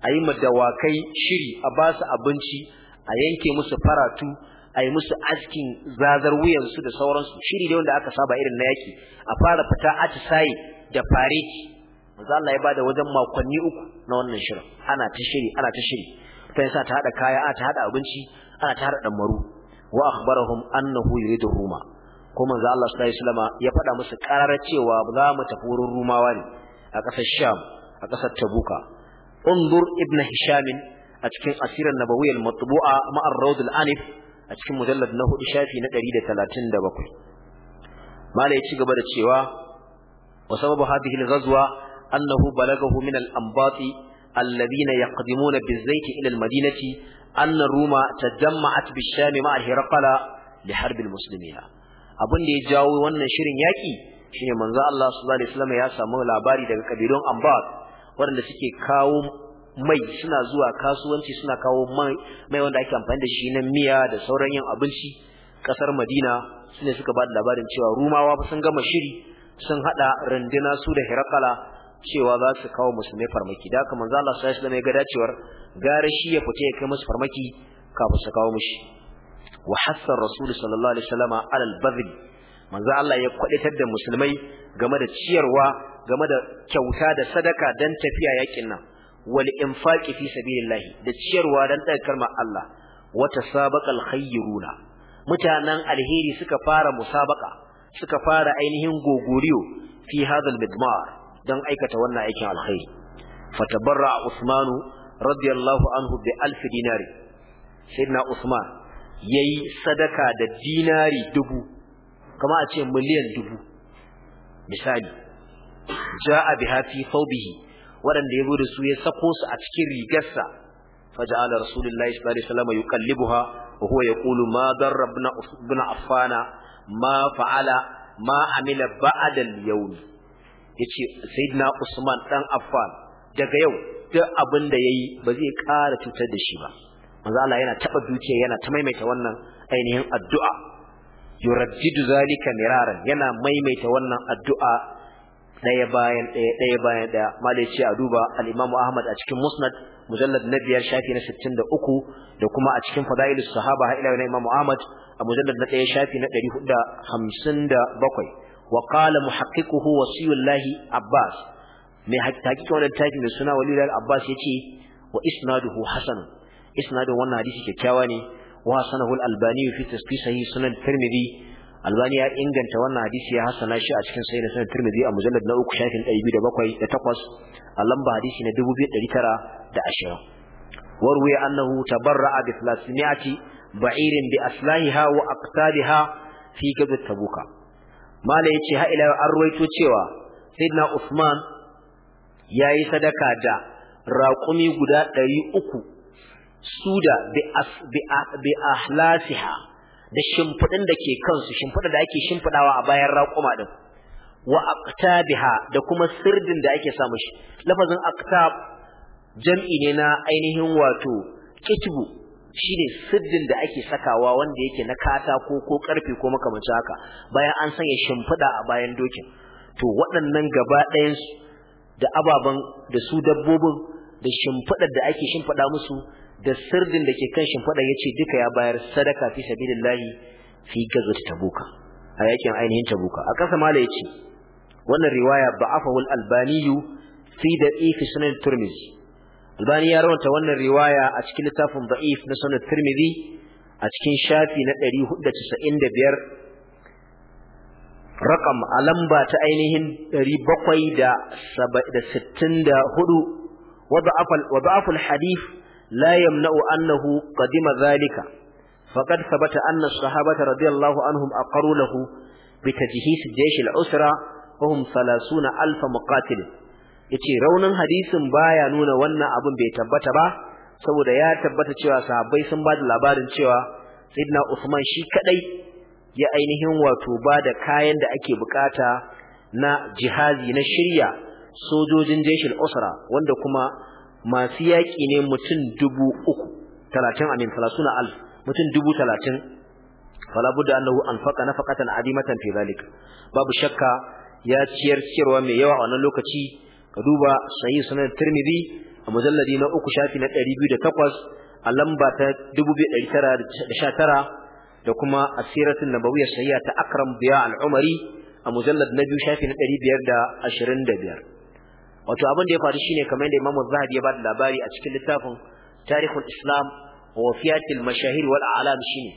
a yi dawakai shiri a ba su abinci a yanke musu faratu Ai musu askin zazar wuyansu da sauransu shiri ne wanda aka saba irin na yaki a fara fita atisaye da fareti manzo Allah ya bada wajen makonni uku na wannan shirin ana ta shiri ana ta shiri ta yasa ta hada kaya ta hada abinci ana ta hada damaru wa akhbarahum annahu yuridu ruma ko manzo Allah sallallahu alaihi wasallam ya faɗa musu kararar cewa za mu tafi wurin rumawa ne a ƙasar Sham a ƙasar Tabuka undur ibn hisham a cikin asirar nabawiyyal matbu'a ma'ar rawd al-anif a cikin mujallad na hudu shafi na 137 mala ya ci gaba da cewa wa sababu hadhihi al-ghazwa annahu balagahu min al-anbati alladhina yaqdimuna bizayt ila al-madinati anna ruma tajamma'at bish-sham ma'a hirqala li harb al-muslimina abin da ya jawo wannan shirin yaki shine manzo Allah sallallahu alaihi wasallam ya samu labari daga kabilun anbat waɗanda suke kawo mai suna zuwa kasuwanci suna kawo mai wanda ake amfani da shi na miya da sauran yin abinci kasar Madina sune suka ba da labarin cewa Rumawa ba sun gama shiri sun hada runduna su da hirakala cewa za su kawo musulmai farmaki da haka manzo Allah sallallahu alaihi wasallam ya ga dacewar gara shi ya fita ya kai musu farmaki kafin su kawo mushi wa Hassan rasul sallallahu alaihi wasallam alal badri manzo Allah ya kwadatar da musulmai game da ciyarwa game da kyauta da sadaka dan tafiya yakin nan wal infaqi fi sabilillahi da ciyarwa dan daga kalmar Allah wata sabaqal khayruna mutanen alheri suka fara musabaka suka fara ainihin gogoriyo fi hadal midmar dan aikata wannan aikin alkhairi fatabarra Usman radiyallahu anhu bi alf dinari sayyidina Usman yayi sadaka da dinari dubu kama a ce miliyan dubu misali ja'a biha fi thawbihi waɗanda ya bude da su ya sako su a cikin rigarsa فجعل rasulullahi sallallahu alaihi wasallam عليه wa huwa yaqulu ma. ما ضر ابن ma fa'ala ma amila ba'da al-yawm yace sayyidina Usman dan Affan daga yau duk abin da yayi ba zai ƙara cutar da shi ba manzo Allah yana taba dukiya yana ta maimaita wannan ainihin addu'a yuraddidu zalika miraran yana maimaita wannan addu'a ɗaya bayan ɗaya ɗaya bayan ɗaya malai ce a duba al Ahmad a cikin Musnad mujallad na biyar shafi na sittin da kuma a cikin Fadailus Sahaba ha ila na Ahmad a mujallad na ɗaya shafi na 457 wa qala muhaqqiquhu wasiyullahi Abbas mai hakiki wannan tafi mai suna Walilal Abbas yace wa isnaduhu hasan isnadun wannan hadisi kyakkyawa ne wa hasanahu al-Albani fi tasqisahi sunan Tirmidhi albani ya inganta wannan hadisi ya hasana shi a cikin sahih sunan tirmidhi a mujallad na uku shafin 207 da 8 a lamba hadisi na 2920 warwiya annahu tabarra'a bi 300 ba'irin bi aslahiha wa aqtabiha fi gabat tabuka mala yace ha ila an cewa sayyidina usman yayi sadaka da raƙumi guda 300 suda bi ahlasiha da shimfidin da ke kansu shimfida da ake shimfidawa a bayan raƙuma din wa aqtabiha da kuma sirdin da ake samu shi, lafazin aqtab jam'i ne na ainihin wato kitbu shine sirdin da ake sakawa wanda yake na katako ko karfe ko makamancin haka bayan an sanya shimfida a bayan dokin to waɗannan gaba ɗayan da ababan da su dabbobin da shimfidar da ake shimfida musu da sirdin da ke kan shimfiɗa ya ce duka ya bayar sadaka fi sabilillahi fi gazat tabuka a yakin ainihin tabuka a kasa mala ya ce wannan riwaya ba'afahu al-albaniyu fi da'if sunan turmizi albani ya rawanta wannan riwaya a cikin littafin da'if na sunan turmizi a cikin shafi na 495 rakam a lamba ta ainihin 764 wa wada al-hadith la yamna'u annahu qadima zalika faqad thabata anna as-sahabata radiyallahu anhum aqaru lahu bi tajhis jaysh al-usra wa hum 30000 muqatil yace raunin hadisin baya nuna wannan abin bai tabbata ba saboda ya tabbata cewa sahabbai sun bada labarin cewa sayyidina Usman shi kaɗai ya ainihin wato ba da kayan da ake buƙata na jihazi na shirya sojojin jeshin usra wanda kuma masu yaƙi ne mutum dubu uku talatin amin salasuna al mutum dubu talatin fala budda annahu anfaqa nafaqatan adimatan fi zalik babu shakka ya ciyar ciyarwa mai yawa a wannan lokaci ka duba sahih sunan tirmidhi a mujalladi na uku shafi na 208 a lamba ta 2919 da kuma asiratun nabawiyya sahiha ta akram biya al-umari a mujallad na biyu shafi na 525 wato abin da ya faru shine kamar da Imam Zahabi ya bada labari a cikin littafin Tarikhul Islam wa fiyatil mashahir wal a'lam shine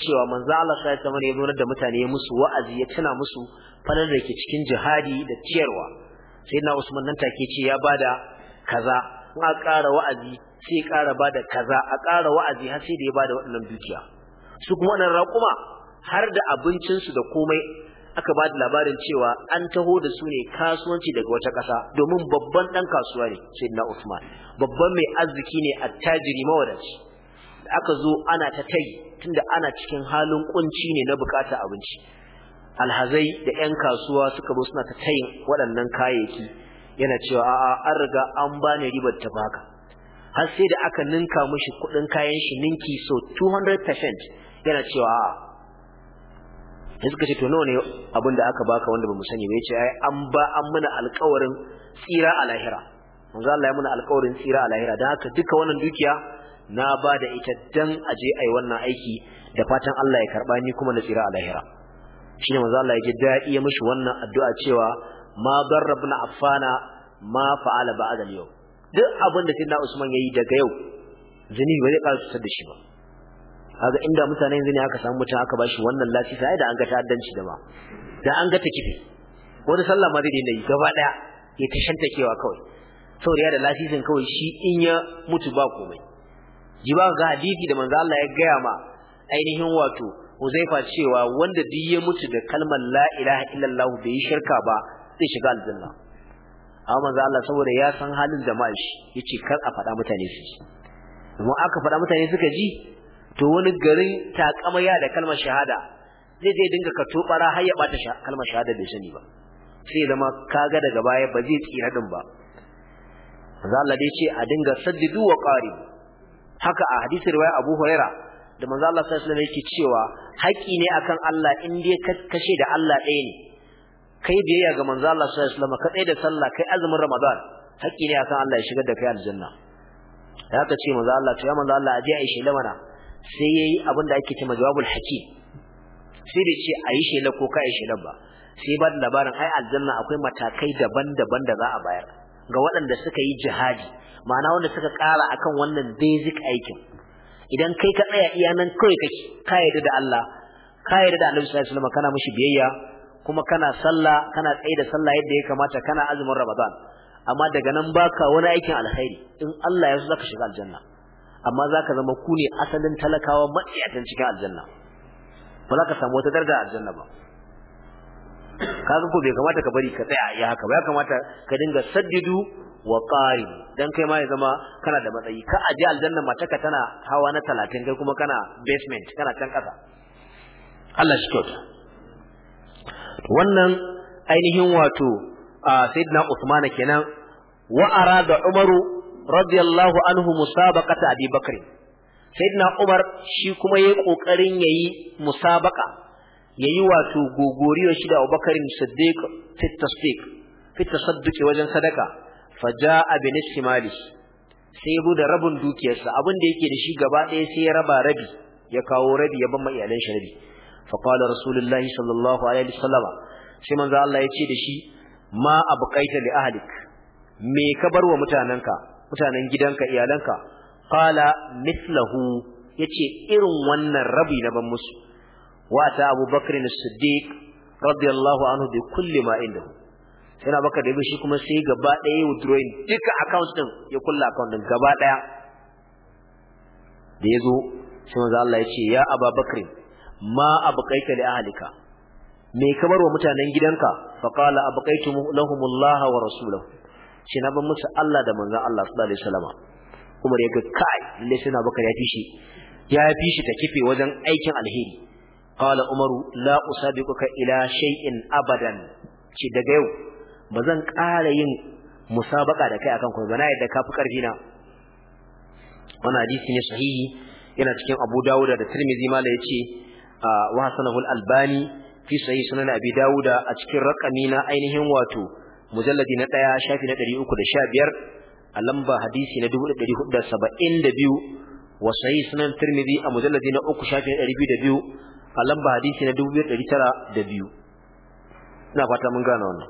cewa manzo Allah sai ta mana zo da mutane musu wa'azi ya tana musu fadar da ke cikin jihadi da ciyarwa na Usman nan take ce ya bada kaza in a ƙara wa'azi sai ya ƙara bada kaza a ƙara wa'azi har sai da ya bada waɗannan dukiya su kuma wannan raƙuma har da abincinsu da komai aka ba da labarin cewa an taho da su ne kasuwanci daga wata ƙasa domin babban ɗan kasuwa ne na Usman babban mai arziki ne a tajiri mawadaci da aka zo ana ta tayi tunda ana cikin halin kunci ne na bukata abinci alhazai da ƴan kasuwa suka zo suna ta tayin waɗannan kayayyaki yana cewa a'a an riga an ba ni ribar ta baka har sai da aka ninka mishi kuɗin kayan shi ninki so 200% yana cewa a'a sai suka ce to nawa ne abin da aka baka wanda mu sani ba ya ce ai an ba an muna alƙawarin tsira a lahira manzo Allah ya muna alƙawarin tsira a lahira dan haka duka wannan dukiya na ba da ita dan aje ai wannan aiki da fatan Allah ya karba ni kuma na tsira a lahira shine manzo Allah ya ji dadi ya mishi wannan addu'a cewa ma darrabna affana ma fa'ala ba'da yau duk abin da Sayyidina Usman yayi daga yau zini ba zai ƙara cutar da shi ba kaga inda mutane yanzu ne aka samu mutum aka ba shi wannan lati sai da an ga ta'addanci da ma da an ga ta kife wani sallah ma zai daina yi gaba daya ya ta kewa kawai sauriya ya da lasisin kawai shi in ya mutu ba komai ji ba ga hadisi da manzo Allah ya gaya ma ainihin wato Uzaifa cewa wanda duk ya mutu da kalmar la ilaha illallah bai yi shirka ba zai shiga aljanna amma manzo Allah saboda ya san halin jama'a shi yace kar a faɗa mutane su ji domin aka faɗa mutane suka ji to wani garin ya da kalmar shahada zai zai dinga ka tobara har ya bata kalmar shahada bai sani ba sai zama kaga daga baya ba zai tsira din ba manzo Allah dai ce a dinga saddidu wa qari haka a hadisi riwaya Abu Huraira da manzo Allah sallallahu alaihi wasallam yake cewa haƙi ne akan Allah in dai kashe da Allah ɗaya ne kai biyayya ga manzo Allah sallallahu alaihi wasallam ka tsaya da sallah kai azumin Ramadan haƙi ne akan Allah ya shigar da kai aljanna haka ce manzo Allah to ya manzo Allah aje ai shi lamana sai yayi abin da ake cewa jawabul hakim sai da ce ayi shela ko kai shela ba sai ba da labarin ai aljanna akwai matakai daban-daban da za a bayar ga waɗanda suka yi jihadi ma'ana wanda suka ƙara akan wannan basic aikin idan kai ka tsaya iya nan kawai kake ka yarda da Allah ka yarda da Annabi sallallahu alaihi wasallam kana mishi biyayya kuma kana sallah kana tsaye da sallah yadda ya kamata kana azumin Ramadan amma daga nan baka wani aikin alkhairi in Allah ya so zaka shiga aljanna amma zaka zama ku ne asalin talakawa matsiyatan cikin aljanna ba za ka samu wata daraja aljanna ba kaga ko bai kamata ka bari ka tsaya ya haka ba ya kamata ka dinga saddidu wa qari dan kai ma ya zama kana da matsayi ka aje aljanna mata ka tana hawa na talatin kai kuma kana basement kana can kasa Allah shi kyauta wannan ainihin wato sayyidina Uthman kenan wa da Umaru radiyallahu anhu musabaqata Abi Bakr sayyidina Umar shi kuma yayi kokarin yayi musabaqa yayi wato gogoriyo shi da Abubakar Bakr Siddiq fi tasdiq fi tasadduq wajen sadaka faja'a bi nismali sai ya rabin dukiyarsa abin da yake da shi gaba ɗaya sai ya raba rabi ya kawo rabi ya bar iyalan shi rabi fa qala rasulullahi sallallahu alaihi wasallam sai manzo Allah ya ce da shi ma abqaita li ahlik me ka bar wa ka? mutanen gidanka iyalanka qala mithluhu yace irin wannan rabi na ban musu wa ta Abu Bakr as-Siddiq radiyallahu anhu bi kulli ma indahu yana baka da shi kuma sai gaba daya withdrawin duka account din ya kulla account din gaba daya da yazo sai manzo Allah yace ya Abu Bakr ma abqaita li ahlika me ka bar wa mutanen gidanka faqala abqaitu lahumullahu wa rasuluhu. shi na ban musu Allah da manzon Allah sallallahu alaihi wasallam Umar ya ga kai lalle sai na bakar ya fi shi ya fi shi ta kife wajen aikin alheri qala umaru la usabiquka ila shay'in abadan ce daga yau bazan ƙara yin musabaka da kai akan kuma na yadda ka fi karfi na wannan hadisi ne sahihi yana cikin Abu Dawud da Tirmidhi ma da yace wa hasanahu al-Albani fi sahih sunan Abi Dawuda a cikin rakami na ainihin wato mujalladi na ɗaya shafi na ɗari uku da sha biyar a lamba hadisi na dubu ɗari hudu da saba'in da biyu wa sahih sunan tirmidhi a mujalladi na uku shafi na ɗari biyu da biyu a lamba hadisi na dubu biyar ɗari tara da biyu ina fata mun gane wannan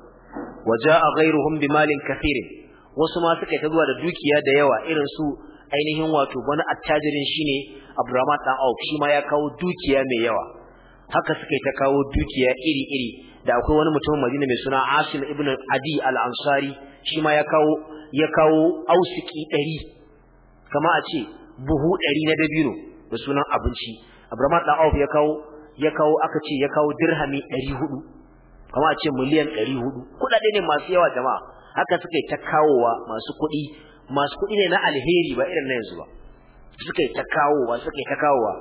wa ja'a ghayruhum bi malin kathirin wasu ma suka ta zuwa da dukiya da yawa irin su ainihin wato wani attajirin shine Abdurrahman dan Auf shi ma ya kawo dukiya mai yawa haka suka ta kawo dukiya iri-iri da akwai wani mutumin Madina mai suna Asim ibn Adi al-Ansari shi ma ya kawo ya kawo ausiki 100 kama a ce buhu 100 na dabino da sunan abinci Abdurrahman dan Auf ya kawo ya kawo aka ce ya kawo dirhami 400 kama a ce miliyan 400 kudade ne masu yawa jama'a haka suka yi ta kawowa masu kuɗi masu kuɗi ne na alheri ba irin na yanzu ba suka yi ta kawowa suka yi ta kawowa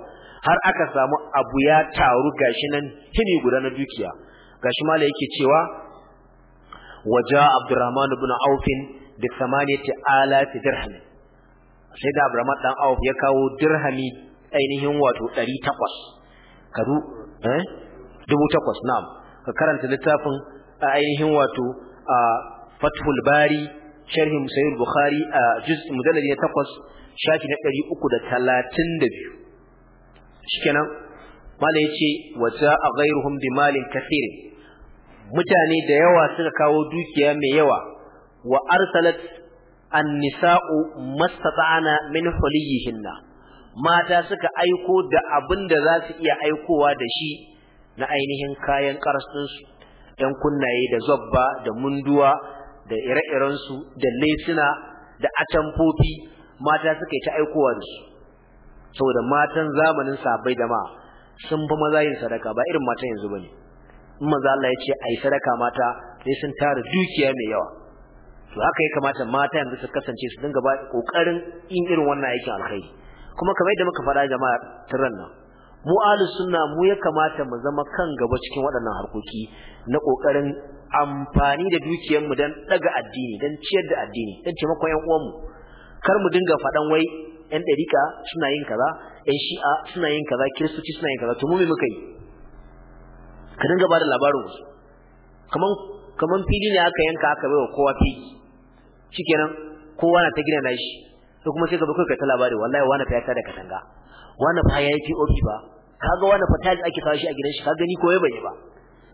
har aka samu abu ya taru gashi nan hini guda na dukiya gashi mala yake cewa waja abdurrahman ibn auf bi 8000 dirham sai da abdurrahman dan auf ya kawo dirhami ainihin wato 800 karu eh 8000 na'am ka karanta littafin ainihin wato a fathul bari sharhin sahih bukhari a juz mujallad na takwas, shafi na 332 shikenan malai yace wa a ghayruhum bi malin kathir mutane da yawa suka kawo dukiya mai yawa wa arsalat annisa'u mastata'ana min huliyihinna mata suka aiko da abin da za su iya aikowa da shi na ainihin kayan su ɗan kunnaye da zobba da munduwa da ire-irensu da lesuna da atamfofi mata suka yi ta aikowa da su saboda matan zamanin sabai da ma sun fi maza yin sadaka ba irin matan yanzu bane manzo Allah ya ce ai sadaka mata sai sun tara dukiya mai yawa to haka ya kamata mata yanzu su kasance su dinga ba kokarin in irin wannan aikin alkhairi kuma kamar yadda muka faɗa jama'a tiran nan mu ahli sunna mu ya kamata mu zama kan gaba cikin waɗannan harkoki na kokarin amfani da dukiyar mu dan daga addini dan ciyar da addini dan taimakon yan uwan mu kar mu dinga faɗan wai yan dariƙa suna yin kaza yan shi'a suna yin kaza kiristoci suna yin kaza to mu me muka yi ka dinga bada labarin wasu kaman kaman fili ne aka yanka aka baiwa kowa fili shikenan kowa na ta gina shi, to kuma sai ka bakwai kai ta labari wallahi wani fa ya tada katanga wani fa ya yi POP ba kaga wani fa tiles ake kawo shi a gidan shi kaga ni koyi bai ba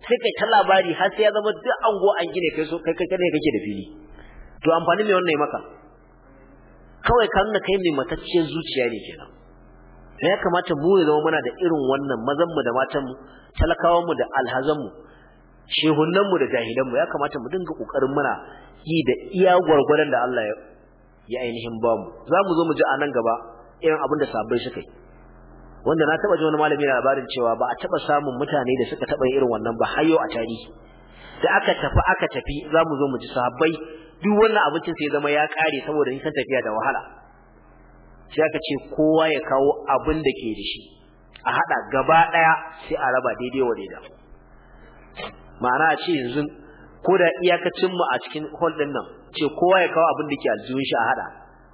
sai kai ta labari har sai ya zama duk ango an gina kai so kai kai kake da fili to amfani me wannan maka kawai ka nuna kai mai matacciyar zuciya ne kenan sai ya kamata mu ya zama muna da irin wannan mazanmu da matan mu da alhazan mu da jahilan mu ya kamata mu dinga kokarin muna yi da iya gwargwaran da Allah ya ainihin ba mu za mu zo mu ji a nan gaba irin abin da sabbai suka yi wanda na taba ji wani malami na labarin cewa ba a taba samun mutane da suka taba irin wannan ba har yau a tarihi da aka tafi aka tafi za mu zo mu ji sahabbai duk wannan abincin sai zama ya kare saboda nisan tafiya da wahala sai aka ce kowa ya kawo abin da ke da shi a hada gaba daya sai a raba daidai wa daida ma'ana a ce yanzu ko da iyakacin mu a cikin hall din nan ce kowa ya kawo abin da ke aljihun shi a hada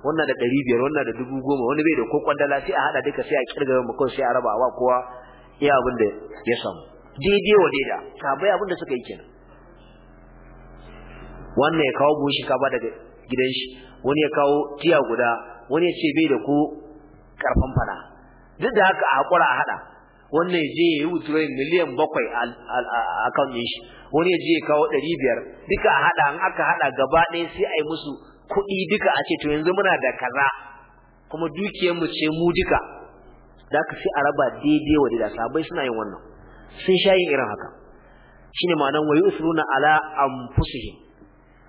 wannan da 500 wannan da goma, wani bai da ko kwandala sai a hada duka sai a kirga mu kawai sai a raba wa kowa iya abin da ya samu daidai wa daida bai abin da suka yi kenan wannan ya kawo buhun shinkafa daga gidan shi wani ya kawo tiya guda wani ya ce bai da ku karfan fada duk da haka a hakura a hada wannan ya je ya yi wuturai miliyan bakwai a account din shi wani ya je ya kawo ɗari biyar duka a hada an aka hada gaba ɗaya sai a yi musu kuɗi duka a ce to yanzu muna da kaza kuma dukiyarmu ce mu duka da aka fi araba daidai wa da sabai suna yin wannan sun sha yin irin haka shine ma'anar wayu usuluna ala anfusihim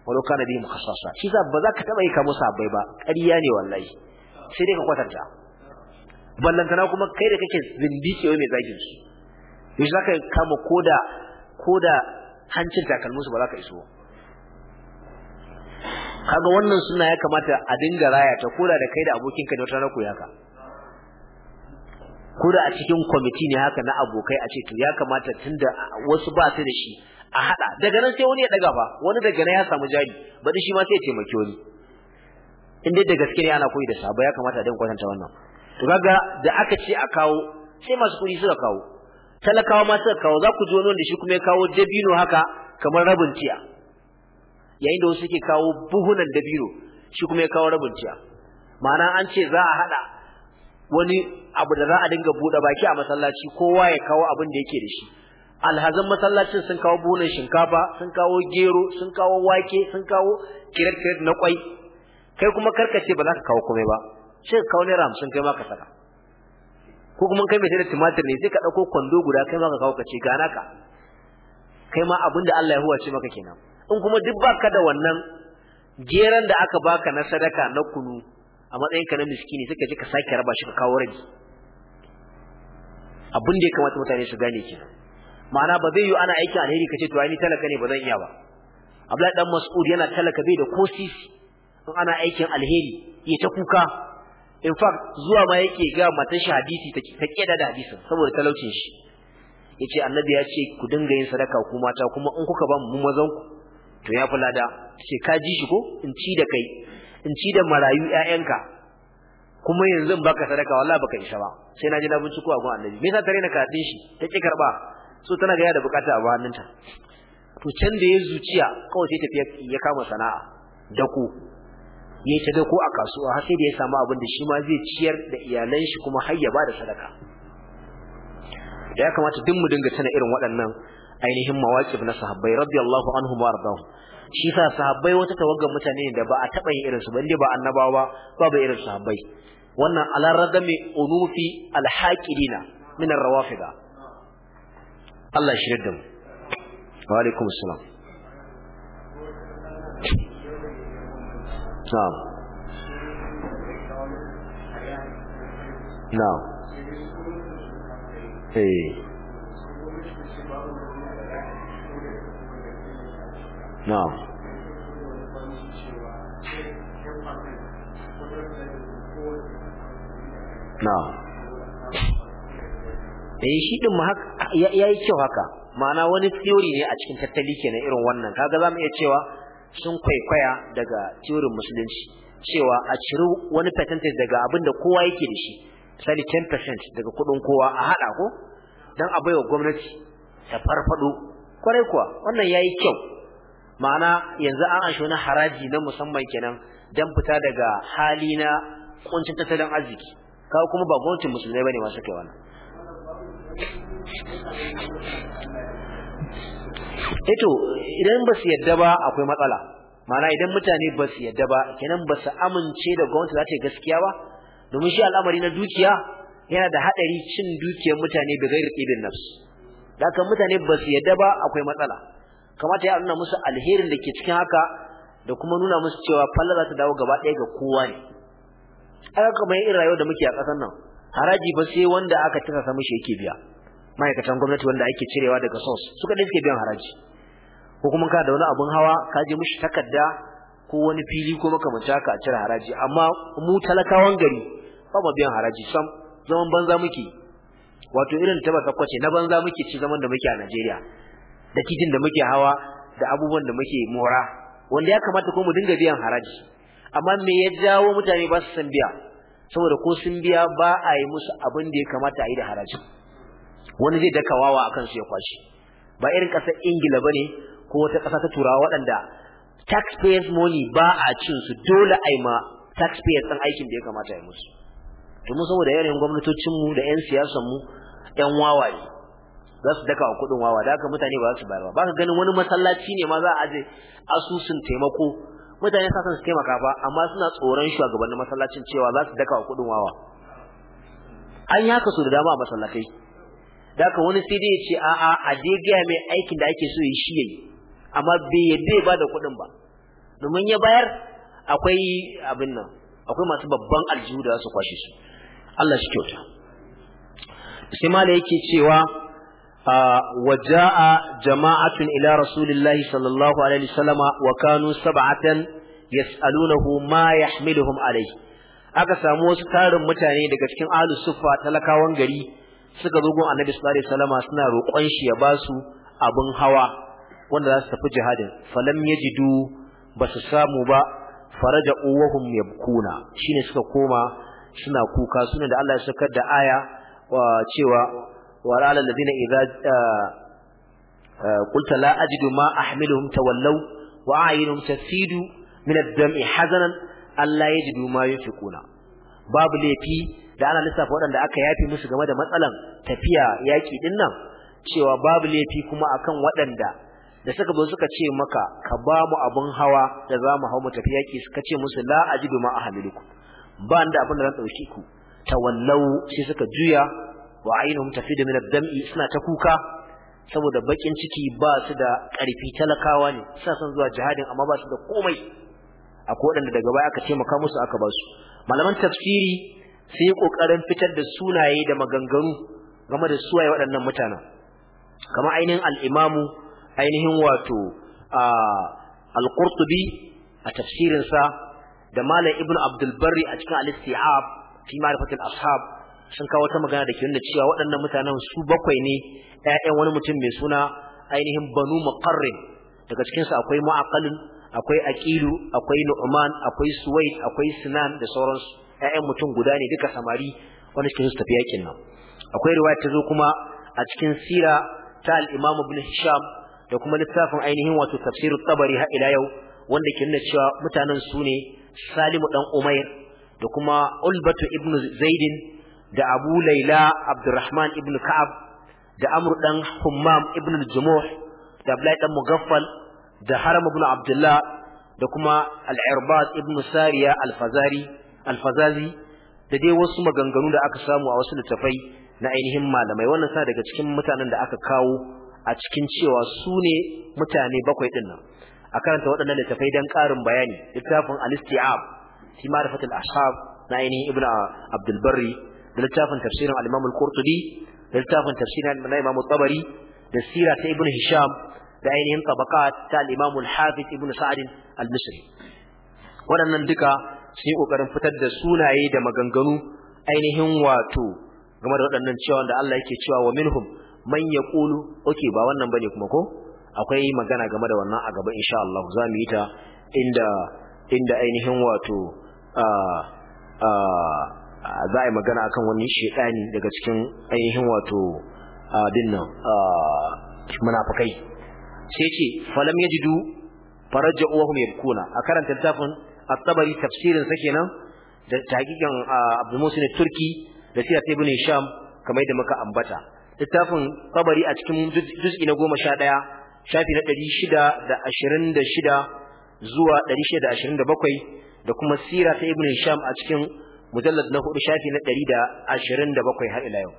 walau kana bihim khassasa shi za ba za ka taba yi ka musu abai ba ƙarya ne wallahi sai dai ka kwatanta ballantana kuma kai da kake zindiki mai zagin su yau za ka kama koda koda hancin takalmusu ba za ka iso kaga wannan suna ya kamata a dinga raya ta koda da kai da abokinka ne wata rana ku koda a cikin kwamiti ne haka na abokai a ce to ya kamata tunda wasu ba su da shi a hada daga nan sai wani ya daga ba wani daga nan ya samu jari baɗi shi ma sai ya taimaki wani in dai da gaskiya ana koyi da sabo ya kamata dan kwatanta wannan to kaga da aka ce a kawo sai masu kuɗi suka kawo talakawa ma suka kawo za ku ji wani wanda shi kuma ya kawo dabino haka kamar rabin tiya yayin da wasu suke kawo buhunan dabino shi kuma ya kawo rabin tiya ma'ana an ce za a haɗa wani abu da za a dinga buɗe baki a masallaci kowa ya kawo abin da yake da shi alhazan masallacin sun kawo buhunan shinkafa sun kawo gero sun kawo wake sun kawo kiret-kiret na kwai kai kuma karkace ba za ka kawo komai ba shi ka kawo naira hamsin kai ma ka saka ko kuma kai mai da tumatir ne sai ka ɗauko kwando guda kai ma ka kawo ka ce ka? kai ma abin Allah ya huwace maka kenan in kuma duk baka da wannan geran da aka baka na sadaka na kunu a matsayin ka na miskini sai ka je ka sake raba shi ka kawo rage abin da ya kamata mutane su gane kenan ma'ana ba zai yi ana aiki alheri kace to ai ni talaka ne ba zan iya ba Abdullahi dan Mas'ud yana talaka bai da ko sisi in ana aikin alheri ya ta kuka in fact zuwa ma yake ga matan shi hadisi ta keda da hadisin saboda talaucin shi yace annabi ya ce ku dinga yin sadaka ku mata kuma in kuka ba mu mazan ku to ya fulada ce ka ji shi ko in ci da kai in ci da marayu ƴaƴanka kuma yanzu baka sadaka wallahi baka isa ba sai na ji na a gwan annabi me yasa tare na karatun shi ta ki karba so tana ga ya da bukata a bayaninta to can da ya zuciya kawai sai tafiya ya kama sana'a dako yayi ta dako a kasuwa har sai da ya samu abin da shi ma zai ciyar da iyalan shi kuma har ya ba da sadaka da ya kamata duk mu dinga tana irin waɗannan ainihin mawaqif na sahabbai radiyallahu anhum wa ardahum shi sa sahabbai wata tawaggar mutane da ba a taɓa yin irinsu ba inda ba annabawa ba ba irin sahabbai wannan alarradami unufi alhaqidina min arrawafida Allah shi da mu wa alaikum assalam na'am na'am eh na'am na'am eh shi din mu haka Ya yi kyau haka ma'ana wani theory ne a cikin tattali kenan irin wannan kaga zamu iya cewa sun kwaikwaya daga theory musulunci cewa a ciri wani percentage daga abin da kowa yake da shi sai 10% daga kudin kowa a hada ko dan a baiwa gwamnati ta farfado kwarai kuwa wannan yayi kyau ma'ana yanzu an ashe wani haraji na musamman kenan dan fita daga hali na kuncin tattalin arziki kawai kuma ba gwamnatin musulmai bane masu kai wannan eto eh idan ba su yadda ba akwai matsala mana idan mutane ba su yadda ba kenan ba su amince da gwamnati za ta yi gaskiya ba domin shi al'amari na dukiya yana da hadari cin dukiyar mutane bai gairar ibin nafsu da kan mutane ba su yadda ba akwai matsala kamata ya nuna musu alherin da ke cikin haka da kuma nuna musu cewa falla za ta dawo gaba ɗaya ga kowa ne aka kamar irin rayuwar da muke a ƙasar nan haraji ba sai wanda aka tasa mishi yake biya ma'aikatan gwamnati wanda ake cirewa daga sos suka dai suke biyan haraji ko kuma ka da wani abun hawa ka je mishi takarda ko wani fili ko makamanta ka cire haraji amma mu talakawan gari ba mu biyan haraji sam zaman banza muke wato irin ta bata kwace na banza muke ci zaman da muke a Najeriya da titin da muke hawa da abubuwan da muke mora wanda ya kamata ko mu dinga biyan haraji amma me ya jawo mutane ba su san biya saboda ko sun biya ba a yi musu abin da ya kamata a yi da haraji wani zai daka wawa akan su ya kwashi ba irin ƙasar ingila ba ne ko wata ƙasa ta turawa waɗanda taxpayers money ba a cin su dole a yi ma taxpayers ɗan aikin da ya kamata a yi musu to mu saboda yanayin gwamnatocinmu da 'yan mu 'yan wawaye za su daka wa kuɗin wawa da haka mutane ba za su bayar ba ba ka ganin wani masallaci ne ma za a je asusun taimako mutane sa san su taimaka ba amma suna tsoron shugabannin masallacin cewa za su daka wa kudin wawa an yaka su da dama a masallatai da ka wani sai dai ce a'a a dai mai aikin da ake so ya shi yayi amma bai yadda ba da kudin ba domin ya bayar akwai abin nan akwai masu babban aljihu da za su kwashe su Allah shi kyauta sai ma yake cewa وجاء جماعة إلى رسول الله صلى الله عليه وسلم وكانوا سبعة يسألونه ما يحملهم عليه aka samu wasu tarin mutane daga cikin ahlus suffa talakawan gari suka zo gun annabi sallallahu alaihi suna roƙon shi ya basu abin hawa wanda za su tafi jihadin falam yajidu su samu ba fara faraja uwahum yabkuna shine suka koma suna kuka suna da Allah ya sakar da aya cewa وعلى الذين إذا قلت لا أجد ما أحملهم تولوا وأعينهم تفيد من الدمع حزنا ألا يجدوا ما ينفقون باب ليفي da ana lissafa waɗanda aka yafi musu game da matsalan tafiya yaƙi ɗinnan, nan cewa babu laifi kuma akan waɗanda da suka zo suka ce maka ka ba mu abun hawa da za mu hau mu tafi yaƙi suka ce musu la ajidu ma ahlilukum ba inda abin da zan ɗauki ku tawallau sai suka juya wa ainihin tafi da minar dam'i suna ta kuka saboda bakin ciki ba su da ƙarfi talakawa ne suna son zuwa jihadin amma ba su da komai akwai waɗanda daga baya aka taimaka musu aka ba su malaman tafsiri sai yi fitar da sunaye da maganganu game da suwaye waɗannan mutanen kama ainihin al'imamu ainihin wato al-qurtubi a tafsirinsa da malam ibnu abdul barri a cikin al-istihab fi ma'rifatil ashab sun kawo wata magana da ke nuna cewa waɗannan mutanen su bakwai ne ƴaƴan wani mutum mai suna ainihin banu muqarrin daga cikin akwai ma'aƙalin, akwai aqilu akwai nu'man akwai suwaid akwai sinan da sauransu ƴaƴan mutum guda ne duka samari wanda cikin su tafi yakin nan akwai riwaya ta zo kuma a cikin sira ta al-imam ibn da kuma littafin ainihin wato tafsir tabari har ila yau wanda ke nuna cewa mutanen su ne salimu dan umair da kuma ulbatu ibnu zaidin da Abu Laila Abdurrahman ibn Ka'ab da Amr dan Hammam ibn al-Jumuh da Abdullah dan Mugaffal da Haram ibn Abdullah da kuma Al-Irbad ibn Sariya Al-Fazari Al-Fazazi da dai wasu maganganu da aka samu a wasu littafai na ainihin malamai wannan sa daga cikin mutanen da aka kawo a cikin cewa su ne mutane bakwai din nan a karanta waɗannan littafai don ƙarin bayani littafin al-isti'ab fi ma'rifatul ashab na ainihin ibnu abdul barri da littafin tafsirin al-Imam al-Qurtubi da littafin tafsirin na Imam Tabari da sira ta Ibn Hisham da ainihin tabaqat ta al-Imam al-Hafiz Ibn Sa'd al-Misri waɗannan duka sun yi kokarin fitar da sunaye da maganganu ainihin wato game da waɗannan cewa da Allah yake cewa wa minhum man yaqulu okay ba wannan bane kuma ko akwai magana game da wannan a gaba insha Allah za mu yi ta inda inda ainihin wato a ah, a ah, za a yi magana akan wani shedani daga cikin ainihin wato abin nan munafikai sai ce falam yajidu faraja'u wa hum yabkuna a karanta littafin at-tabari tafsirin sa kenan da tahqiqan Abdul Musin Turki da Siyas ibn Hisham kamar yadda muka ambata littafin tabari a cikin juz'i na 11 shafi na ɗari shida da ashirin da shida zuwa ɗari shida da ashirin da bakwai da kuma sira ta ibn Hisham a cikin mujallad na hudu shafi na 127 har ila yau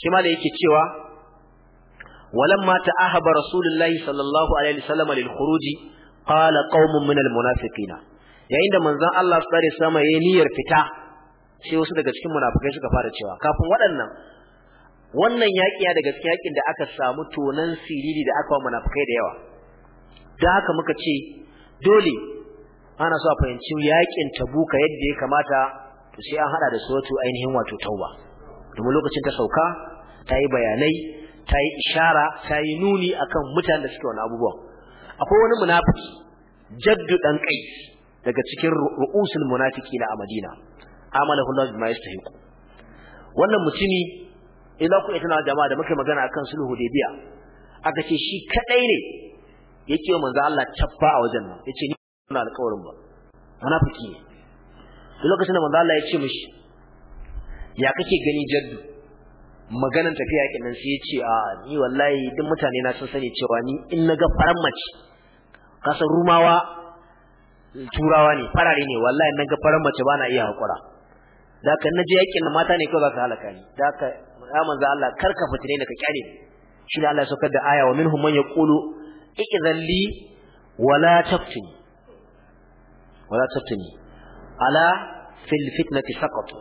shi ma da yake cewa walamma ta'ahaba rasulullahi sallallahu alaihi wasallam lil khuruji qala qaumun min al munafiqina yayin da manzon Allah tsare sama yayin niyyar fita sai wasu daga cikin munafikai suka fara cewa kafin waɗannan wannan yaƙi ya daga cikin da aka samu tonan siriri da aka wa munafikai da yawa da haka muka ce dole ana so a fahimci yakin tabuka yadda ya kamata to sai an hada da suratu ainihin wato tauba domin lokacin ta sauka ta yi bayanai ta yi ishara ta yi nuni akan mutanen da suke wani abubuwan akwai wani munafiki jaddu dan kai daga cikin ru'usul munafiki a Madina amalahu Allah bima yastahiqu wannan mutumi idan ku tana jama'a da muke magana akan sulhu hudaybiya aka ce shi kadai ne yake manzo Allah tabba a wajen nan yace wannan alƙawarin ba munafiki ne duk lokacin da manzo Allah ya ce mishi ya kake gani jaddu maganan tafiya yakin nan sai ya ce a ni wallahi duk mutane na sun sani cewa ni in ga faran mace kasan rumawa turawa ne farare ne wallahi ga faran mace na iya hakura da kan naje yakin na mata ne kawai za ka halaka ni da ka ya manzo Allah kar ka fitine ni ka kyale shi da Allah ya saukar da aya wa minhum man yaqulu ikzalli wala taftin wala taftani ala fil fitnati saqatu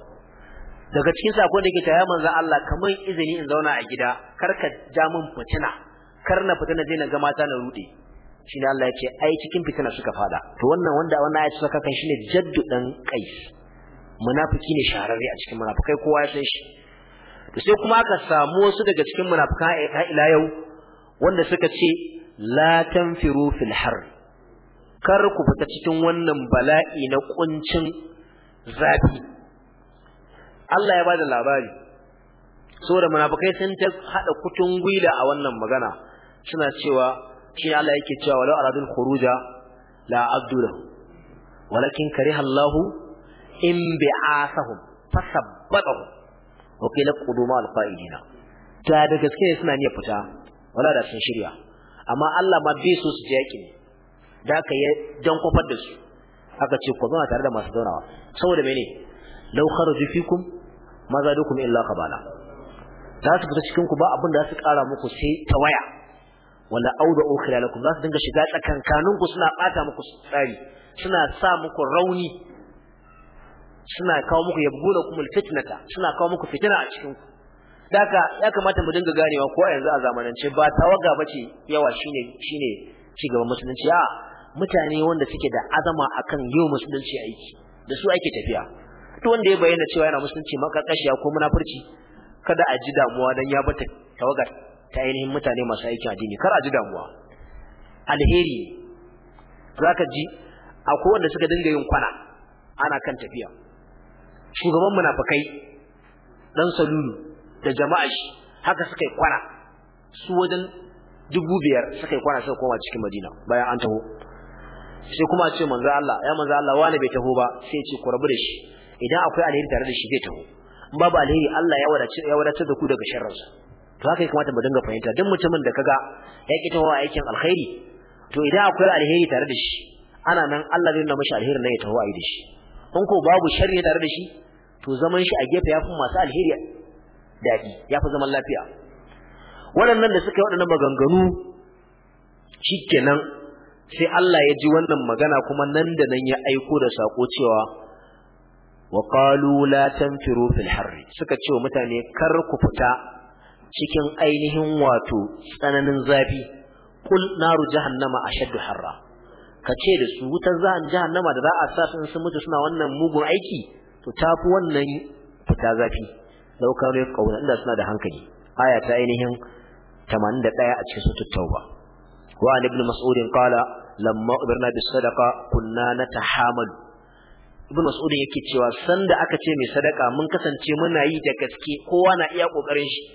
daga cikin sako da yake tayar manzo Allah kamar izini in zauna a gida kar ka ja min fitina kar na fitina je na ga mata na rude ne Allah ya ai cikin fitina suka fada to wannan wanda wannan ayatu saka kan shine jaddu dan kais munafiki ne shahararre a cikin munafikai kowa ya san shi to sai kuma aka samu wasu daga cikin a ila yau wanda suka ce la tanfiru fil harri kar ku fita cikin wannan bala'i na kuncin zafi Allah ya bada labari saboda munafikai sun ta hada kutun gwila a wannan magana suna cewa shi Allah yake cewa walau aradul khuruja la abdullah walakin kariha Allah in bi'asahum fasabbatahum wa qila quduma alqa'idina da da gaske suna niyya fita wala da sun shirya amma Allah ma bai so su je ne. da aka yi don kofar da su aka ce ku zama tare da masu zaunawa saboda mene law kharaju fikum ma zadukum illa khabala za su fita cikin ku ba abin da za su kara muku sai tawaya wala auda ukhilalakum za su dinga shiga tsakankanin ku suna bata muku tsari suna sa muku rauni suna kawo muku yabguna kumul fitnata suna kawo muku fitina a cikin ku daga ya kamata mu dinga ganewa ko yanzu a zamanance ba tawaga bace yawa shine shine cigaban musulunci a mutane wanda suke da azama akan yau musulunci aiki da su ake tafiya to wanda ya bayyana cewa yana musulunci makarkashiya ko munafurci kada a ji damuwa dan ya bata tawagar ta ainihin mutane masu aikin addini kar a ji damuwa alheri zaka ji akwai wanda suka dinga yin kwana ana kan tafiya shugaban munafakai dan salulu da jama'a shi haka suka yi kwana su wajen dubu biyar suka yi kwana suka koma cikin madina bayan an taho sai kuma a ce manzo Allah ya manzo Allah wani bai taho ba sai ce ku rabu da shi idan akwai alheri tare da shi bai taho in babu alheri Allah ya wadace ya wadace da ku daga sa, to haka ya kamata mu dinga fahimta duk mutumin da kaga ya ki taho aikin alkhairi, to idan akwai alheri tare da shi ana nan Allah zai nuna mashi alheri na ya taho ai da shi in ko babu sharri tare da shi to zaman shi a gefe yafi masu alheri daɗi yafi zaman lafiya waɗannan da suka yi waɗannan maganganu shikenan sai Allah ya ji wannan magana kuma nan da nan ya aiko da sako cewa wa qalu la tanfiru fil harr suka ce wa mutane kar ku fita cikin ainihin wato tsananin zafi kul naru jahannama ashaddu harra kace da su wutar zan jahannama da za a sa sun mutu suna wannan mugun aiki to tafi wannan fita zafi laukar kauna inda suna da hankali aya ta ainihin 81 a cikin sutut tauba وعن ابن مسعود قال لما kunna بالصدقة كنا نتحامل ibn mas'ud yake cewa sanda aka ce mai sadaka mun kasance muna yi da gaske kowa na iya kokarin shi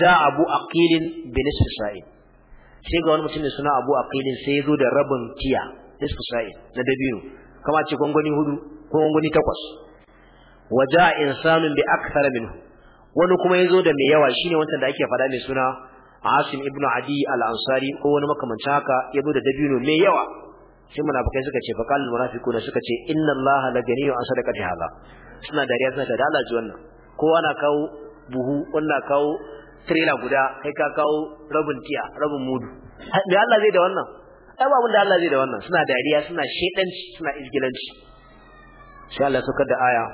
da abu aqilin bi nisfi sai ga wani mutum suna abu aqilin sai ya zo da rabin tiya nisfi sa'in na dabino kama ce gwangwani hudu ko gwangwani takwas waja insanun bi akthar minhu wani kuma ya zo da mai yawa shine wancan da ake fada mai suna Asim ibn Adi al-Ansari ko wani makamancin haka ya bude dabino mai yawa sai munafikai suka ce faqal munafiquna suka ce inna Allah la ganiyyu an sadaqati hadha suna dariya suna da Allah ji wannan kowa na kawo buhu wannan kawo trailer guda kai ka kawo rabin tiya rabin mudu me Allah zai da wannan ai ba da Allah zai da wannan suna dariya suna shedanci suna izgilanci sai Allah suka da aya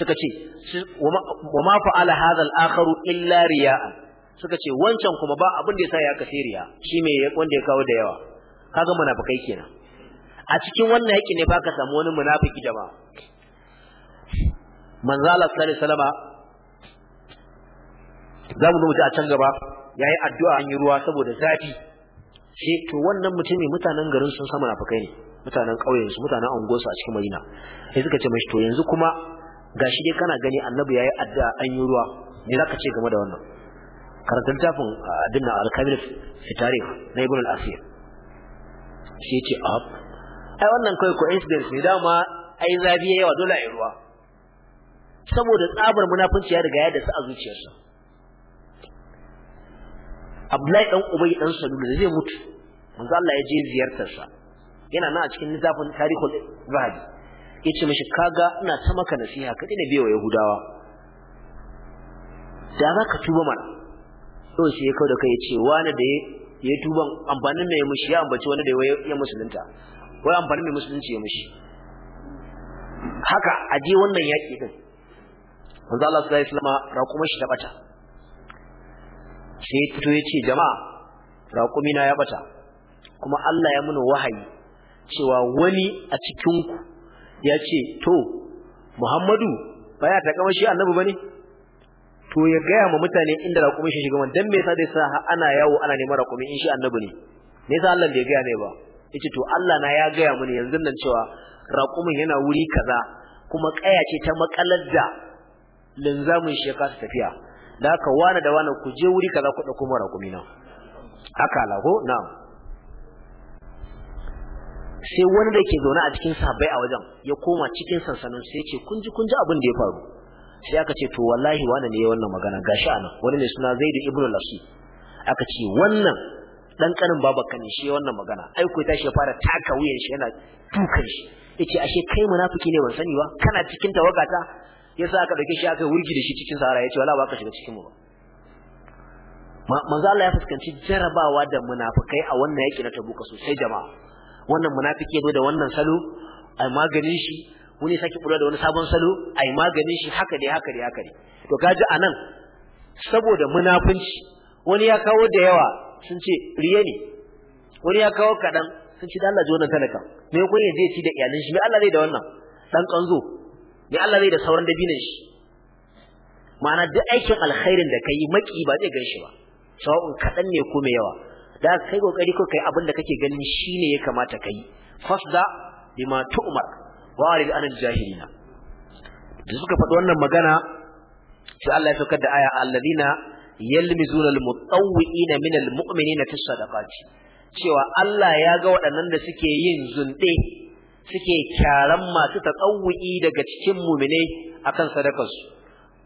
suka ce Wama ma fa'ala hadha al-akharu illa riya'an suka ce wancan kuma ba abin da yasa ya riya shi ne wanda ya kawo da yawa kaga munafikai kenan a cikin wannan yakin ne baka samu wani munafiki da manzo Allah sallallahu alaihi wasallam zamu zo mu a can gaba yayi addu'a an yi ruwa saboda zafi shi to wannan mutumin mutanen garin sun san munafikai ne mutanen ƙauyen su mutanen angosu a cikin Madina sai suka ce mashi to yanzu kuma gashi dai kana gani annabi yayi addu'a an yi ruwa me zaka ce game da wannan karatun tafin ah, abin nan al-kamil fi tarikh na ibn al-asir shi ce ab ai wannan kai incidence ne dama ai zabi yawa dole ai ruwa saboda tsabar munafunci ya riga ya dasu a zuciyarsa Abdullahi dan Ubay dan Salul zai mutu manzo Allah ya je ziyartarsa yana nan a cikin littafin tarihul Zahabi yace mishi kaga ina ta maka nasiha ka dina biyo Yahudawa da za ka tuba mana so shi ya da kai ce wani da ya tuban amfanin mai mushi ya ambaci wani da ya musulunta wai amfanin mai musulunci ya mushi haka aje wannan yaki din manzo Allah sallallahu alaihi wasallam shi ta bata sai to ya ce jama'a raƙumi na ya bata kuma Allah ya muna wahayi cewa wani a cikin ku ya ce to Muhammadu baya ta kamar shi annabi bane to ya gaya ma mutane inda raƙumin shi shiga dan me yasa dai sa ana yawo ana neman raƙumin in shi annabi ne me yasa Allah bai gaya ne ba yace to Allah na ya gaya ne yanzu nan cewa raƙumin yana wuri kaza kuma ƙaya ce ta makalar da linzamin shi ya tafiya da haka wani da wani ku je wuri kaza ku kuma mara raƙumi na haka laho na'am sai wani da ke zaune a cikin sahabbai a wajen ya koma cikin sansanin sai ya ce kun ji kun ji abin da ya faru sai aka ce to wallahi wani ne wannan magana gashi anan wani ne suna zaidu ibnu lasu aka ce wannan dan kanin babanka ne shi wannan magana ai ko tashi ya fara taka wuyan shi yana tukan shi yace ashe kai munafiki ne ban sani ba kana cikin tawagata yasa aka dauke shi aka wurgi da shi cikin sahara yace wallahi ba ka shiga cikin mu ba manzo Allah ya fuskanci jarabawa da munafikai a wannan yaki na Tabuka sosai jama'a wannan munafiki zo da wannan salo a maganin shi wani sake kula da wani sabon salo ai maganin shi haka dai haka dai haka dai to kaji anan saboda munafunci wani ya kawo da yawa sun ce riya ne wani ya kawo kadan sun ce da Allah ji wannan talaka me ko zai ci da iyalin shi me Allah zai da wannan dan kanzo me Allah zai da sauran dabinan shi ma'ana duk aikin alkhairin da kai maki ba zai gan shi ba sawa'un kadan ne ko mai yawa da kai kokari ko kai abin da kake ganin shine ya kamata kai fasda bima tu'mar wa'rid anil jahilina da suka faɗi wannan magana sai Allah ya saukar da aya alladina yalmizuna almutawwi'ina min almu'minina fi sadaqati cewa Allah ya ga waɗannan da suke yin zunde suke kyaran masu tatsawwi daga cikin mu'minai akan su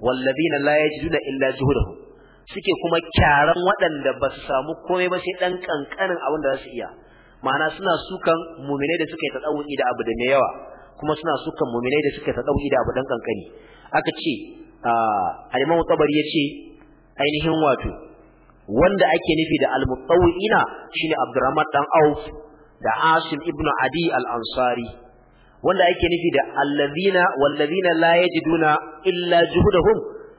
walladina la yajiduna illa juhudahum suke kuma kyaran waɗanda ba su samu komai ba sai ɗan ƙanƙanin abin da za su iya ma'ana suna sukan muminai da suka yi da abu da mai yawa kuma suna sukan mu'minai da suka tadawi da abu dan kankani aka ce al-Imam ya ce ainihin wato wanda ake nufi da al-mutawwi'ina shine Abdurrahman dan Auf da Asim ibn Adi al-Ansari wanda ake nufi da allazina wallazina la yajiduna illa juhdahum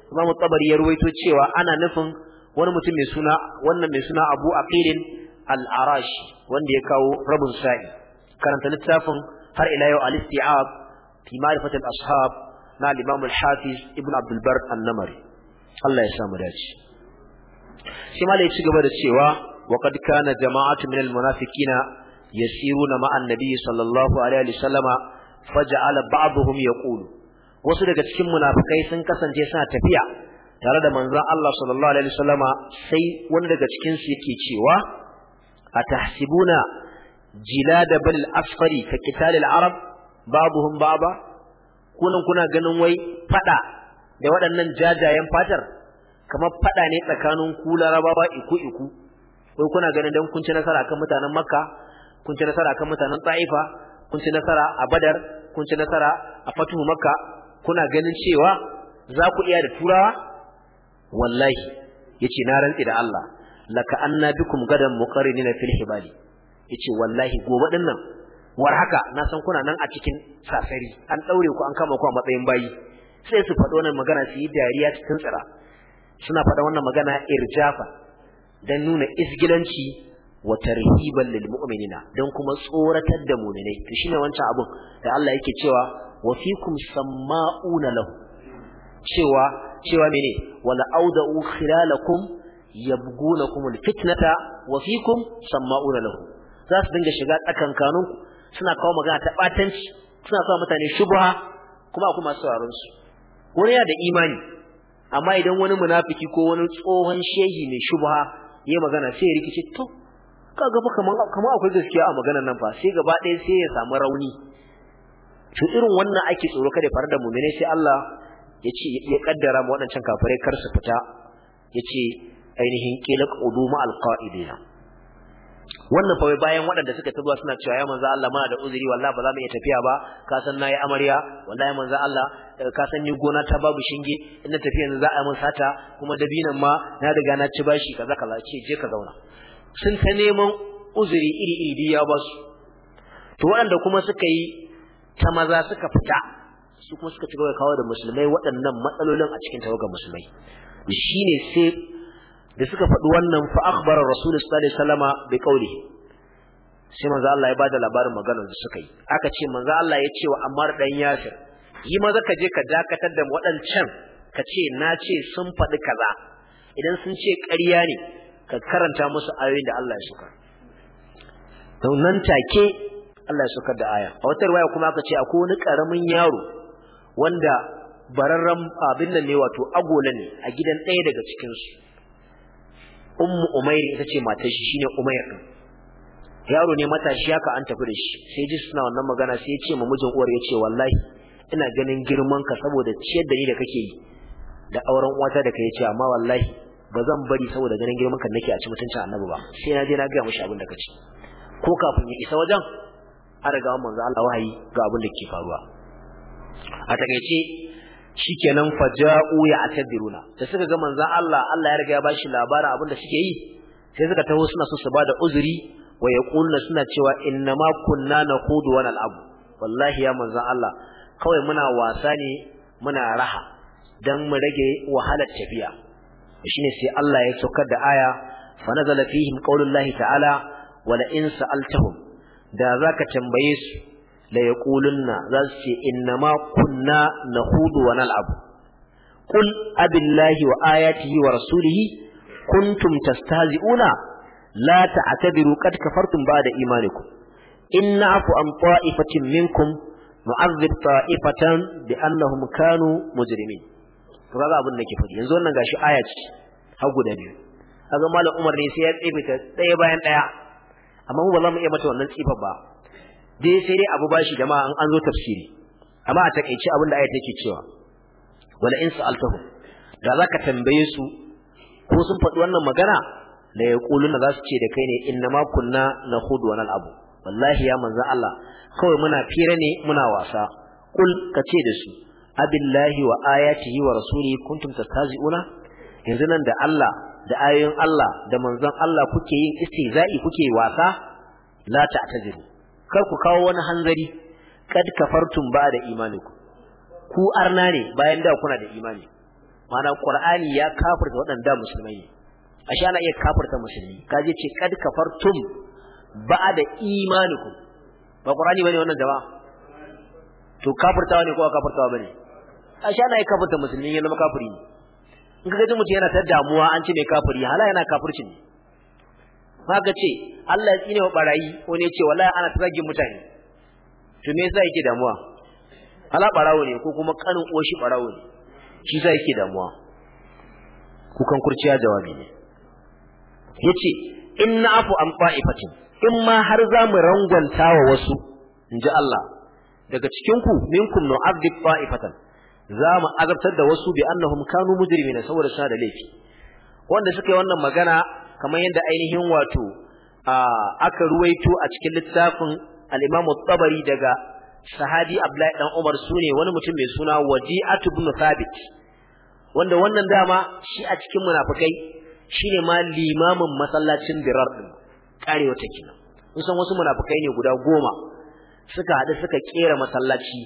Imam Tabari ya ruwaito cewa ana nufin wani mutum mai suna wannan mai suna Abu Aqilin al-Arashi wanda ya kawo rabin sa'i karanta littafin har ila yau al-isti'ab fi ma'rifat al-ashab na al-imam al-hafiz ibn abd al-bar an-namari Allah ya samu dace shi ma ya ci gaba da cewa wa qad kana jama'atu min al-munafiqina yasiruna ma'an nabiy sallallahu alaihi wa sallama faj'ala ba'dhum yaqulu wasu daga cikin munafikai sun kasance suna tafiya tare da manzon Allah sallallahu alaihi wa sallama sai wani daga cikin su yake cewa atahsibuna jilad bal asfari ka qitalil arab babuhum baba kunan kuna ganin wai fada da waɗannan jajayen fatar kamar fada ne tsakanin ku larabawa iku iku wai kuna ganin dan kun ci nasara kan mutanen makka kun ci nasara kan mutanen taifa kun ci nasara a badar kun ci nasara a fatuhu makka kuna ganin cewa za ku iya da turawa wallahi yace na rantsi da Allah laka anna bikum gadan muqarrinina fil hibali yace wallahi gobe din nan war haka na san kuna nan a cikin safari an daure ku an kama ku a matsayin bayi sai su faɗo nan magana su yi dariya cikin tsira suna faɗa wannan magana irjafa dan nuna isgilanci wa tarhiban lil mu'minina dan kuma tsoratar da mu'minai to shine wancan abun da Allah yake cewa wa fikum samma'una lahu cewa cewa mene wala auda'u khilalakum yabghunakum al fitnata wa fikum samma'una lahu za su dinga shiga tsakan ku suna kawo magana ta batanci suna sa mutane shubha kuma akwai masu sauraron su wani yana da imani amma idan wani munafiki ko wani tsohon shehi mai shubha yayi magana sai ya rikice to kaga fa kamar kamar akwai gaskiya a maganar nan fa sai gaba ɗaya sai ya samu rauni to irin wannan ake tsoro kada fara da mu'mine sai Allah ya ce ya kaddara mu waɗancan kafirai kar su fita ya ce ainihin qila qudu ma alqaidina wannan fa bayan waɗanda suka tabuwa suna cewa ya manzo Allah mana da uzuri wallahi ba za mu iya tafiya ba ka san nayi amarya wallahi manzo Allah eh, ka san ni gona ta babu shinge in na tafiya za a yi min sata kuma dabinan ma na riga na ci bashi kaza kaza ce je ka zauna sun ta neman uzuri iri iri ya basu, to waɗanda kuma suka yi ta maza suka fita su kuma suka ci gaba kawo da musulmai waɗannan matsalolin a cikin tawagar musulmai shine sai da suka faɗi wannan fa akhbara rasulullahi sallallahu alaihi wasallam bi qawlihi sai manzo Allah ya bada labarin maganar da suka yi aka ce manzo Allah ya ce wa Ammar dan Yasir yi maza ka je ka dakatar da waɗancan ka ce na ce sun faɗi kaza idan sun ce ƙarya ne ka karanta musu ayoyin da Allah ya suka to nan take Allah ya suka da aya a wata riwaya kuma aka ce akwai wani karamin yaro wanda bararren abin nan ne wato agola ne a gidan ɗaya daga cikin su ummu umair ita ce matar shi shine umair din yaro ne matashi haka an tafi da shi sai ji suna wannan magana sai ya ce ma mijin uwar ya ce wallahi ina ganin girman ka saboda ciyar da ni da kake yi da auren uwata da kai ce amma wallahi ba zan bari saboda ganin girman ka nake a ci mutuncin annabi ba sai na je na ga mushi abin da kace ko kafin ya isa wajen an riga manzo Allah wahayi ga abin da ke faruwa a takaice shikenan faja'u ya atadiruna da suka ga manzon Allah Allah ya riga ya bashi labarin abin da suke yi sai suka taho suna so su bada uzuri wa yaquluna suna cewa innama kunna naqudu wa nal'ab wallahi ya manzon Allah kawai muna wasa ne muna raha dan mu rage wahalar tafiya shine sai Allah ya saukar da aya fa nazala fihim qaulullahi ta'ala wala in sa'altahum da zaka tambaye su la yaqulunna za su ce innama kunna hudu wa abu. qul abillahi wa ayatihi wa rasulihi kuntum tastahzi'una la ta'tadiru qad kafartum ba'da imanikum in afu an ta'ifatin minkum nu'adhib ta'ifatan bi annahum kanu mujrimin to kaga abin da ke faɗi yanzu wannan gashi aya ce har guda biyu kaga malam Umar ne sai ya tsibe ta ɗaya bayan ɗaya amma mu ba za mu iya mata wannan tsifa ba dai sai dai abu bashi jama'a an an zo tafsiri amma a takeici abin da ayat take cewa wala in sa'altahum da zaka tambaye su ko sun faɗi wannan magana la yaquluna za su ce da kai ne innama kunna nakhudu wa abu. wallahi ya manzo Allah kawai muna fira ne muna wasa kul ka kace da su abillahi wa ayatihi wa rasuli kuntum tastazi'una yanzu nan da Allah da ayoyin Allah da manzon Allah kuke yin istihza'i kuke wasa la ta'taziru kar ku kawo wani hanzari kad kafartum ba da imanikum ku arna ne bayan da kuna da imani Mana qur'ani ya kafirta waɗanda musulmai ne ashe ana iya kafirta musulmi kaje ce kad kafartum ba da imanikum ba qur'ani bane wannan jama'a to kafirtawa ne ko kafirtawa bane ashe ana iya kafirta musulmi ya zama kafiri ne in kaga mutum yana ta damuwa an ce mai kafiri hala yana kafircin ne maka ce Allah ya tsine wa barayi ko ne ce wallahi ana tsagin mutane to me yasa yake damuwa ala barawo ne ko kuma kanin oshi barawo ne shi yasa yake damuwa Ku kan kurciya jawabi ne yace in na'fu an fa'ifatin in ma har za mu rangwanta wa wasu inji Allah daga cikin ku minkum nu'adhib fa'ifatan za mu azabtar da wasu bi annahum kanu mujrimina saboda suna da laifi wanda suka yi wannan magana kamar yadda ainihin wato aka ruwaito a cikin littafin al-Imam daga sahabi Abdullahi dan Umar sune wani mutum mai suna Wadi'atu ibn Thabit wanda wannan dama shi a cikin munafikai shine ma limamin masallacin Dirar din karewa ta kina kusan wasu munafikai ne guda goma suka hadu suka kera masallaci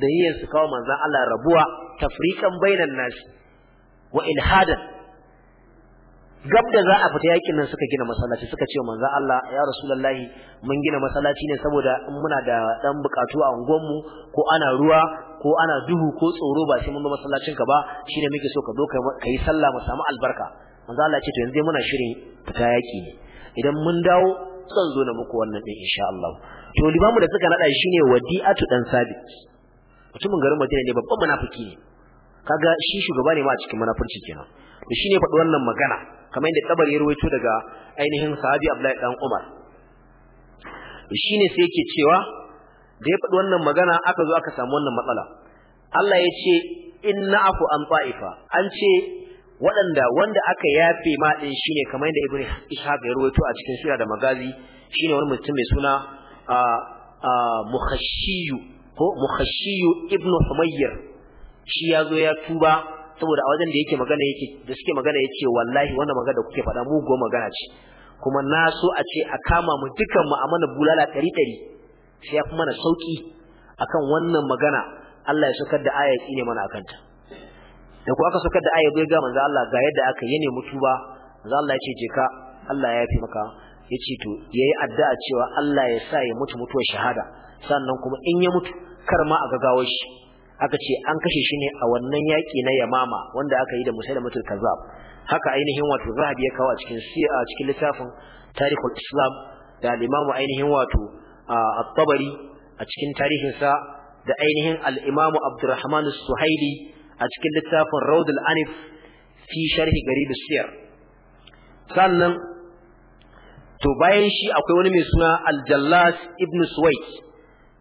da yiyan su kawo manzon Allah rabuwa tafriqan bainan nasi wa ilhadan gab da za a fita yakin nan suka gina masallaci suka ce manzo Allah ya rasulullahi mun gina masallaci ne saboda in muna da dan bukatu a mu, ko ana ruwa ko ana duhu ko tsoro ba sai mun ba masallacin ka ba shine muke so ka zo ka yi sallah mu samu albarka manzo Allah ya ce to yanzu muna shirin fita yaki ne idan mun dawo zan zo na muku wannan din insha Allah to limamu da suka nada shine wadi'atu dan sabit mutumin garin Madina ne babban munafiki ne kaga shi shugaba ne ma a cikin munafurci kenan to shine faɗi wannan magana kamar yadda tabar ya rawaito daga ainihin sahabi Abdullahi dan Umar shine sai yake cewa da ya faɗi wannan magana aka zo aka samu wannan matsala Allah ya ce inna afu an ta'ifa an ce waɗanda wanda aka yafe ma din shine kamar yadda Ibn Ishaq ya rawaito a cikin sura da magazi shine wani mutum mai suna a mukhashiyu ko mukhashiyu ibn humayr shi yazo ya tuba saboda a wajen da yake magana yake da suke magana yake wallahi wannan magana da kuke faɗa mu go magana ce kuma na so a ce a kama mu dukan mu a mana bulala ɗari ɗari sai ya fi mana sauki akan wannan magana Allah ya sokar da aya ne mana akan ta da ku aka sokar da aya bai ga manzo Allah ga yadda aka yi ne mutu ba manzo Allah ya ce je ka Allah ya yafi maka yace to yayi addu'a cewa Allah ya sa ya mutu mutuwar shahada sannan kuma in ya mutu kar ma a gagawar shi aka ce an kashe shi ne a wannan yaƙi na yamama wanda aka yi da musulmatul kazab haka ainihin wato zahabi ya kawo a cikin a cikin littafin tarihul islam da al-imamu ainihin wato at-tabari a cikin tarihin sa da ainihin al-imamu abdurrahman as-suhaili a cikin littafin raudul anif fi sharhi garib as-siyar sannan to bayan shi akwai wani mai suna al-jallas ibn suwaid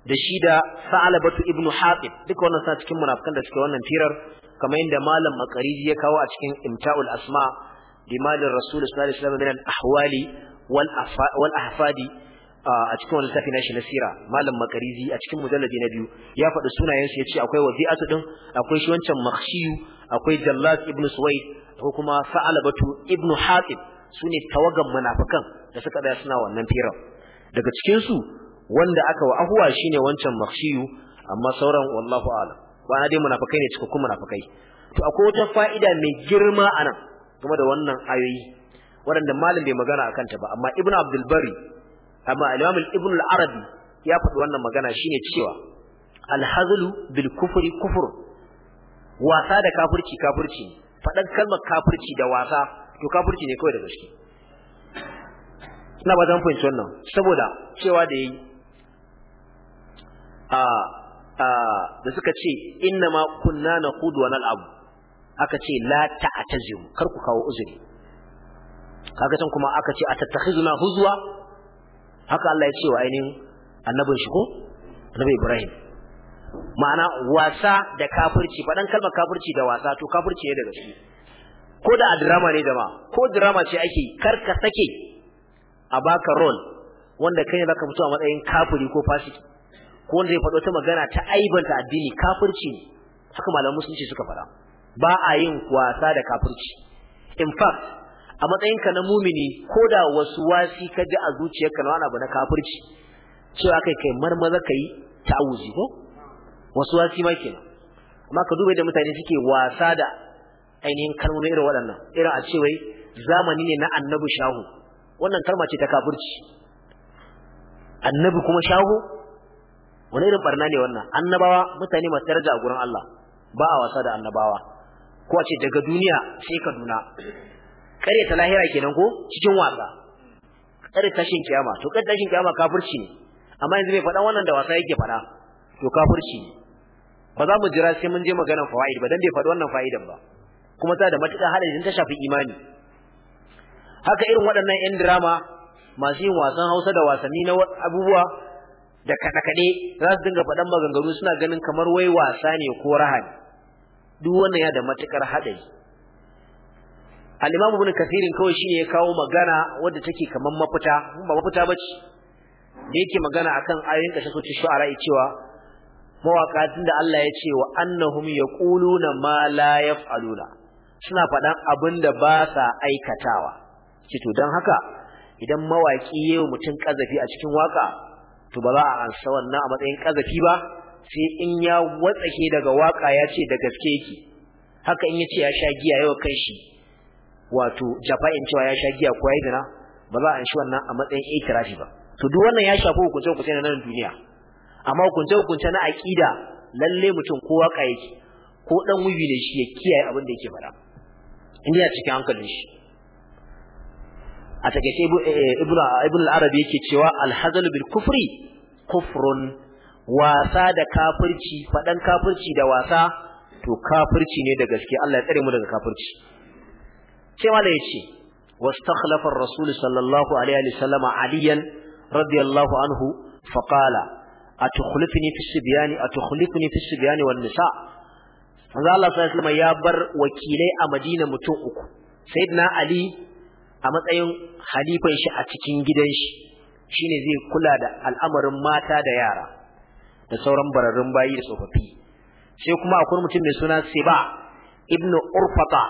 da shi da Sa'alabatu ibnu Hatib duka wannan suna cikin munafikan da suke wannan firar kamar yadda malam Makariji ya kawo a cikin Imta'ul Asma bi malin Rasul sallallahu alaihi wasallam min ahwali wal ahfadi a cikin wannan tafi nashi na malam Makariji a cikin mujalladi na biyu ya faɗi sunayen su yace akwai wazi'atu din akwai shi wancan Makhshiyu akwai Jallas ibnu Suwaid ko kuma Sa'alabatu ibnu Hatib sune tawagan munafikan da suka tsaya suna wannan firar daga cikin su wanda aka wa ahuwa shine wancan makhshiyu amma sauran wallahu a'lam ba dai munafikai ne cikakkun munafikai to akwai wata fa'ida mai girma anan kuma da wannan ayoyi waɗanda malam bai magana akan ta ba amma ibnu abdul bari amma al-imam ibn al-arabi ya faɗi wannan magana shine cewa al-hazlu bil kufri kufr wasa da kafirci kafirci faɗan kalmar kafirci da wasa to kafirci ne kawai da gaske ina ba zan fahimci wannan saboda cewa da yayi a a da suka ce inna ma kunna na hudu wa abu aka ce la ta zimu kar ku kawo uzuri kaga kuma aka ce a zuna huzuwa haka Allah ya ce wa ainihin annabin shi ko annabin Ibrahim ma'ana wasa da kafirci faɗan kalmar kafirci da wasa to kafirci ne da gaske ko da a drama ne jama'a ko drama ce ake kar ka sake a baka role wanda kai ne zaka fito a matsayin kafiri ko fasiki ko wanda ya faɗo ta magana ta aibanta addini kafirci ne haka sun ce suka faɗa ba a yin wasa da kafirci in fact a matsayinka na mumini ko da wasu wasi ka ji a zuciyarka na wani abu na kafirci cewa kai kai marmaza ka yi ta wuzi ko wasu wasi ma kenan amma ka duba da mutane suke wasa da ainihin kalmomi irin waɗannan irin a ce wai zamani ne na annabi shahu wannan kalma ce ta kafirci annabi kuma shahu wani irin barna ne wannan annabawa mutane masu daraja a gurin Allah ba a wasa da annabawa ko ce daga duniya sai Kaduna ta lahira kenan ko cikin wasa ta tashin kiyama to ta tashin kiyama kafirci ne amma yanzu mai faɗa wannan da wasa yake faɗa to kafirci ne ba za mu jira sai mun je maganar fawaid ba dan bai faɗi wannan fa'idan ba kuma ta da matuƙa hadari ta shafi imani haka irin waɗannan 'yan dirama masu yin wasan Hausa da wasanni na abubuwa da kada zasu za su dinga faɗan maganganu suna ganin kamar wai wasa ne ko rahani duk wannan ya da matukar haɗari al imam ibn kathirin kawai shine ya kawo magana wadda take kamar mafita ba mafita bace da yake magana akan ayoyin kashe su ci shu'ara cewa mawaka da Allah ya ce wa annahum yaquluna ma la yaf'aluna suna faɗan abin da ba sa aikatawa ce to don haka idan mawaki yayin mutum kazafi a cikin waka to ba za a ansa wannan a matsayin kazafi ba sai in ya watsake daga waka ya ce da gaske yake haka in ya ce ya sha giya yau kan shi wato jafa'in cewa ya sha giya ko ya zina ba za a anshi wannan a matsayin itirafi ba to duk wannan ya shafi hukunce hukunce na nan duniya amma hukunce hukunce na aqida lalle mutum ko waka yake ko dan wubi ne shi ya kiyaye abin da yake faɗa in ya cikin hankalin shi a takeice ibn eh, eh, al-arabi yake cewa al-hazal bil kufri kufrun wasa da kafirci fadan kafirci da wasa to kafirci ne da gaske Allah ya tsare mu daga kafirci sai mala yace wastakhlafa ar-rasul sallallahu alaihi wa sallam aliyan radiyallahu anhu faqala atukhlifni fi sibyan atukhlifni fi sibyan wan nisa manzo Allah sallallahu alaihi wa sallam ya bar wakilai a Madina mutum uku sayyidina ali a matsayin halifan shi a cikin gidan shi shine zai kula da al'amarin mata da yara da sauran bararrun bayi da tsofaffi sai kuma akwai mutum mai suna Siba ibnu Urfata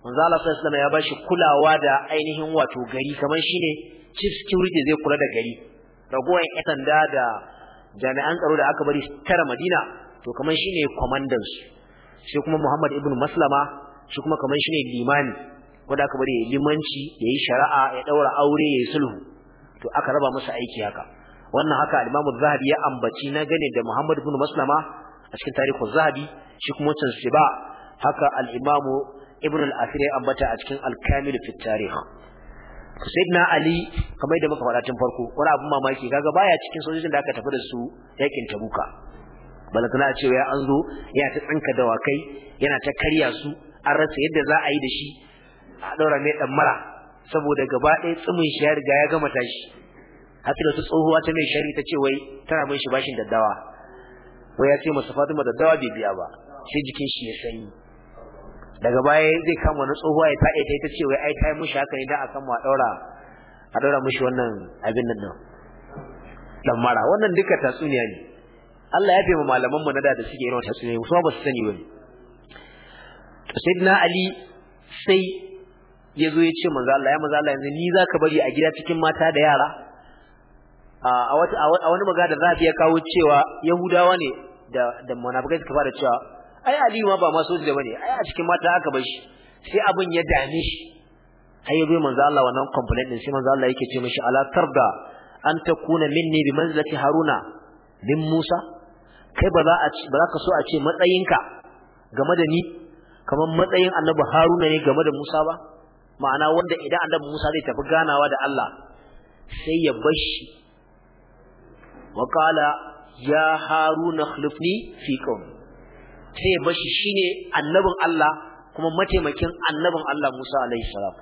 manzo Allah sallallahu alaihi ya bashi kulawa da ainihin wato gari kamar shine chief security zai kula da gari ragowar ƴan da da jami'an tsaro da aka bari tara Madina to kamar shine kwamandan su kuma Muhammad ibn Maslama shi kuma kamar shine limani wanda aka bari ya limanci ya yi shari'a ya daura aure ya yi sulhu to aka raba masa aiki haka wannan haka al-Imam zahabi ya ambaci na gane da Muhammad ibn Maslama a cikin tarihin Zahabi shi kuma wancan Siba haka al-Imam Ibn al-Athir ya ambata a cikin al-Kamil fi tarikh Sayyidina Ali kamar da muka faɗa tun farko wani abin mamaki kaga baya cikin sojojin da aka tafi da su yakin Tabuka balaka a cewa an zo ya ta tsinka dawakai yana ta karya su an rasa yadda za a yi da shi a daura mai ɗan mara saboda gaba ɗaya tsumin shi ya riga ya gama tashi hasila ta tsohuwa ta mai shari ta ce wai tana mun shi bashin daddawa wai ya ce masa Fatima daddawa bai biya ba sai jikin shi ya sanyi daga baya zai kama wani tsohuwa ya faɗe ta ce wai ai ta yi mushi haka ne da a kama a ɗaura a ɗaura mushi wannan abin nan Ɗan mara wannan duka tatsuniya ne Allah ya fi ma malaman mu na da da suke irin tatsuniya su ba su sani ba ne. sayyidina Ali sai ya zo ya ce manzo ya manzo yanzu ni zaka bari a gida cikin mata da yara a wani magana da zabi ya kawo cewa Yahudawa ne da da munafikai suka fara cewa ai Ali ma ba ma soji da bane ai a cikin mata aka bar shi sai abin ya dame shi ai zo manzo Allah wannan complaint din sai manzo Allah yake ce mishi ala tarda an takuna minni bi manzilati Haruna bin Musa kai ba za ka so a ce matsayinka game da ni kamar matsayin Annabi Haruna ne game da Musa ba ma'ana wanda idan annabi Musa zai tafi ganawa da Allah sai ya bashi wa qala ya harun akhlifni fi sai ya bashi shine annabin Allah kuma mataimakin annabin Allah Musa alaihi salam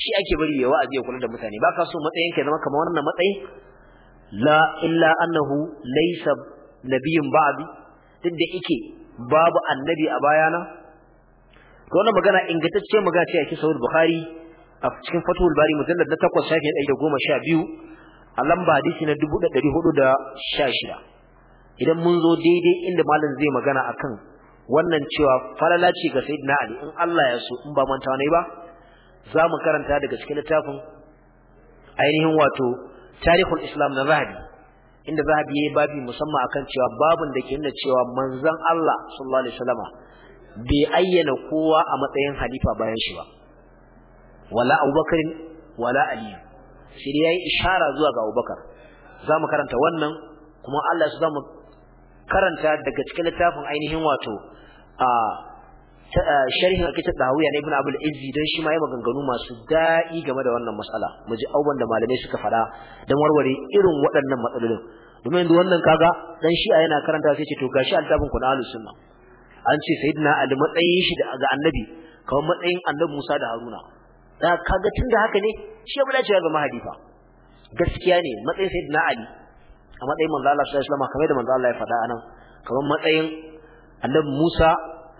shi ake bari yawa a ya kula da mutane baka so matsayin ka zama kamar wannan matsayin la illa annahu laysa nabiyyun ba'di duk da yake babu annabi a bayana to wannan magana ingantacce magana ce a cikin sahih bukhari a cikin fathul bari mujallad na 8 safi 112 a lamba hadisi na 1416 idan mun zo daidai inda malam zai magana akan wannan cewa falala ce ga sayyidina ali in Allah ya so in ba manta ne ba za mu karanta daga cikin littafin ainihin wato tarihul islam na zahabi inda zahabi yayi babi musamman akan cewa babun da ke nuna cewa manzon Allah sallallahu alaihi wasallama bai ayyana kowa a matsayin halifa bayan shi ba wala abubakar wala ali ya yi ishara zuwa ga abubakar zamu karanta wannan kuma Allah ya mu karanta daga cikin littafin ainihin wato a sharhin akitab dawiya na ibn abul izzi dan shi ma ya maganganu masu da'i game da wannan mas'ala mu ji auban da malamai suka faɗa don warware irin waɗannan matsalolin domin wannan kaga dan shi'a yana karanta sai ce to gashi altafin ku na ahlus sunna an ce sayyidina ali matsayin shi ga annabi kamar matsayin annabi Musa da Haruna da kaga tunda haka ne shi ya bada cewa zama Hadifa? gaskiya ne matsayin sayyidina ali a matsayin manzo Allah sallallahu alaihi wasallam kamar da manzo Allah ya faɗa anan kamar matsayin annabi Musa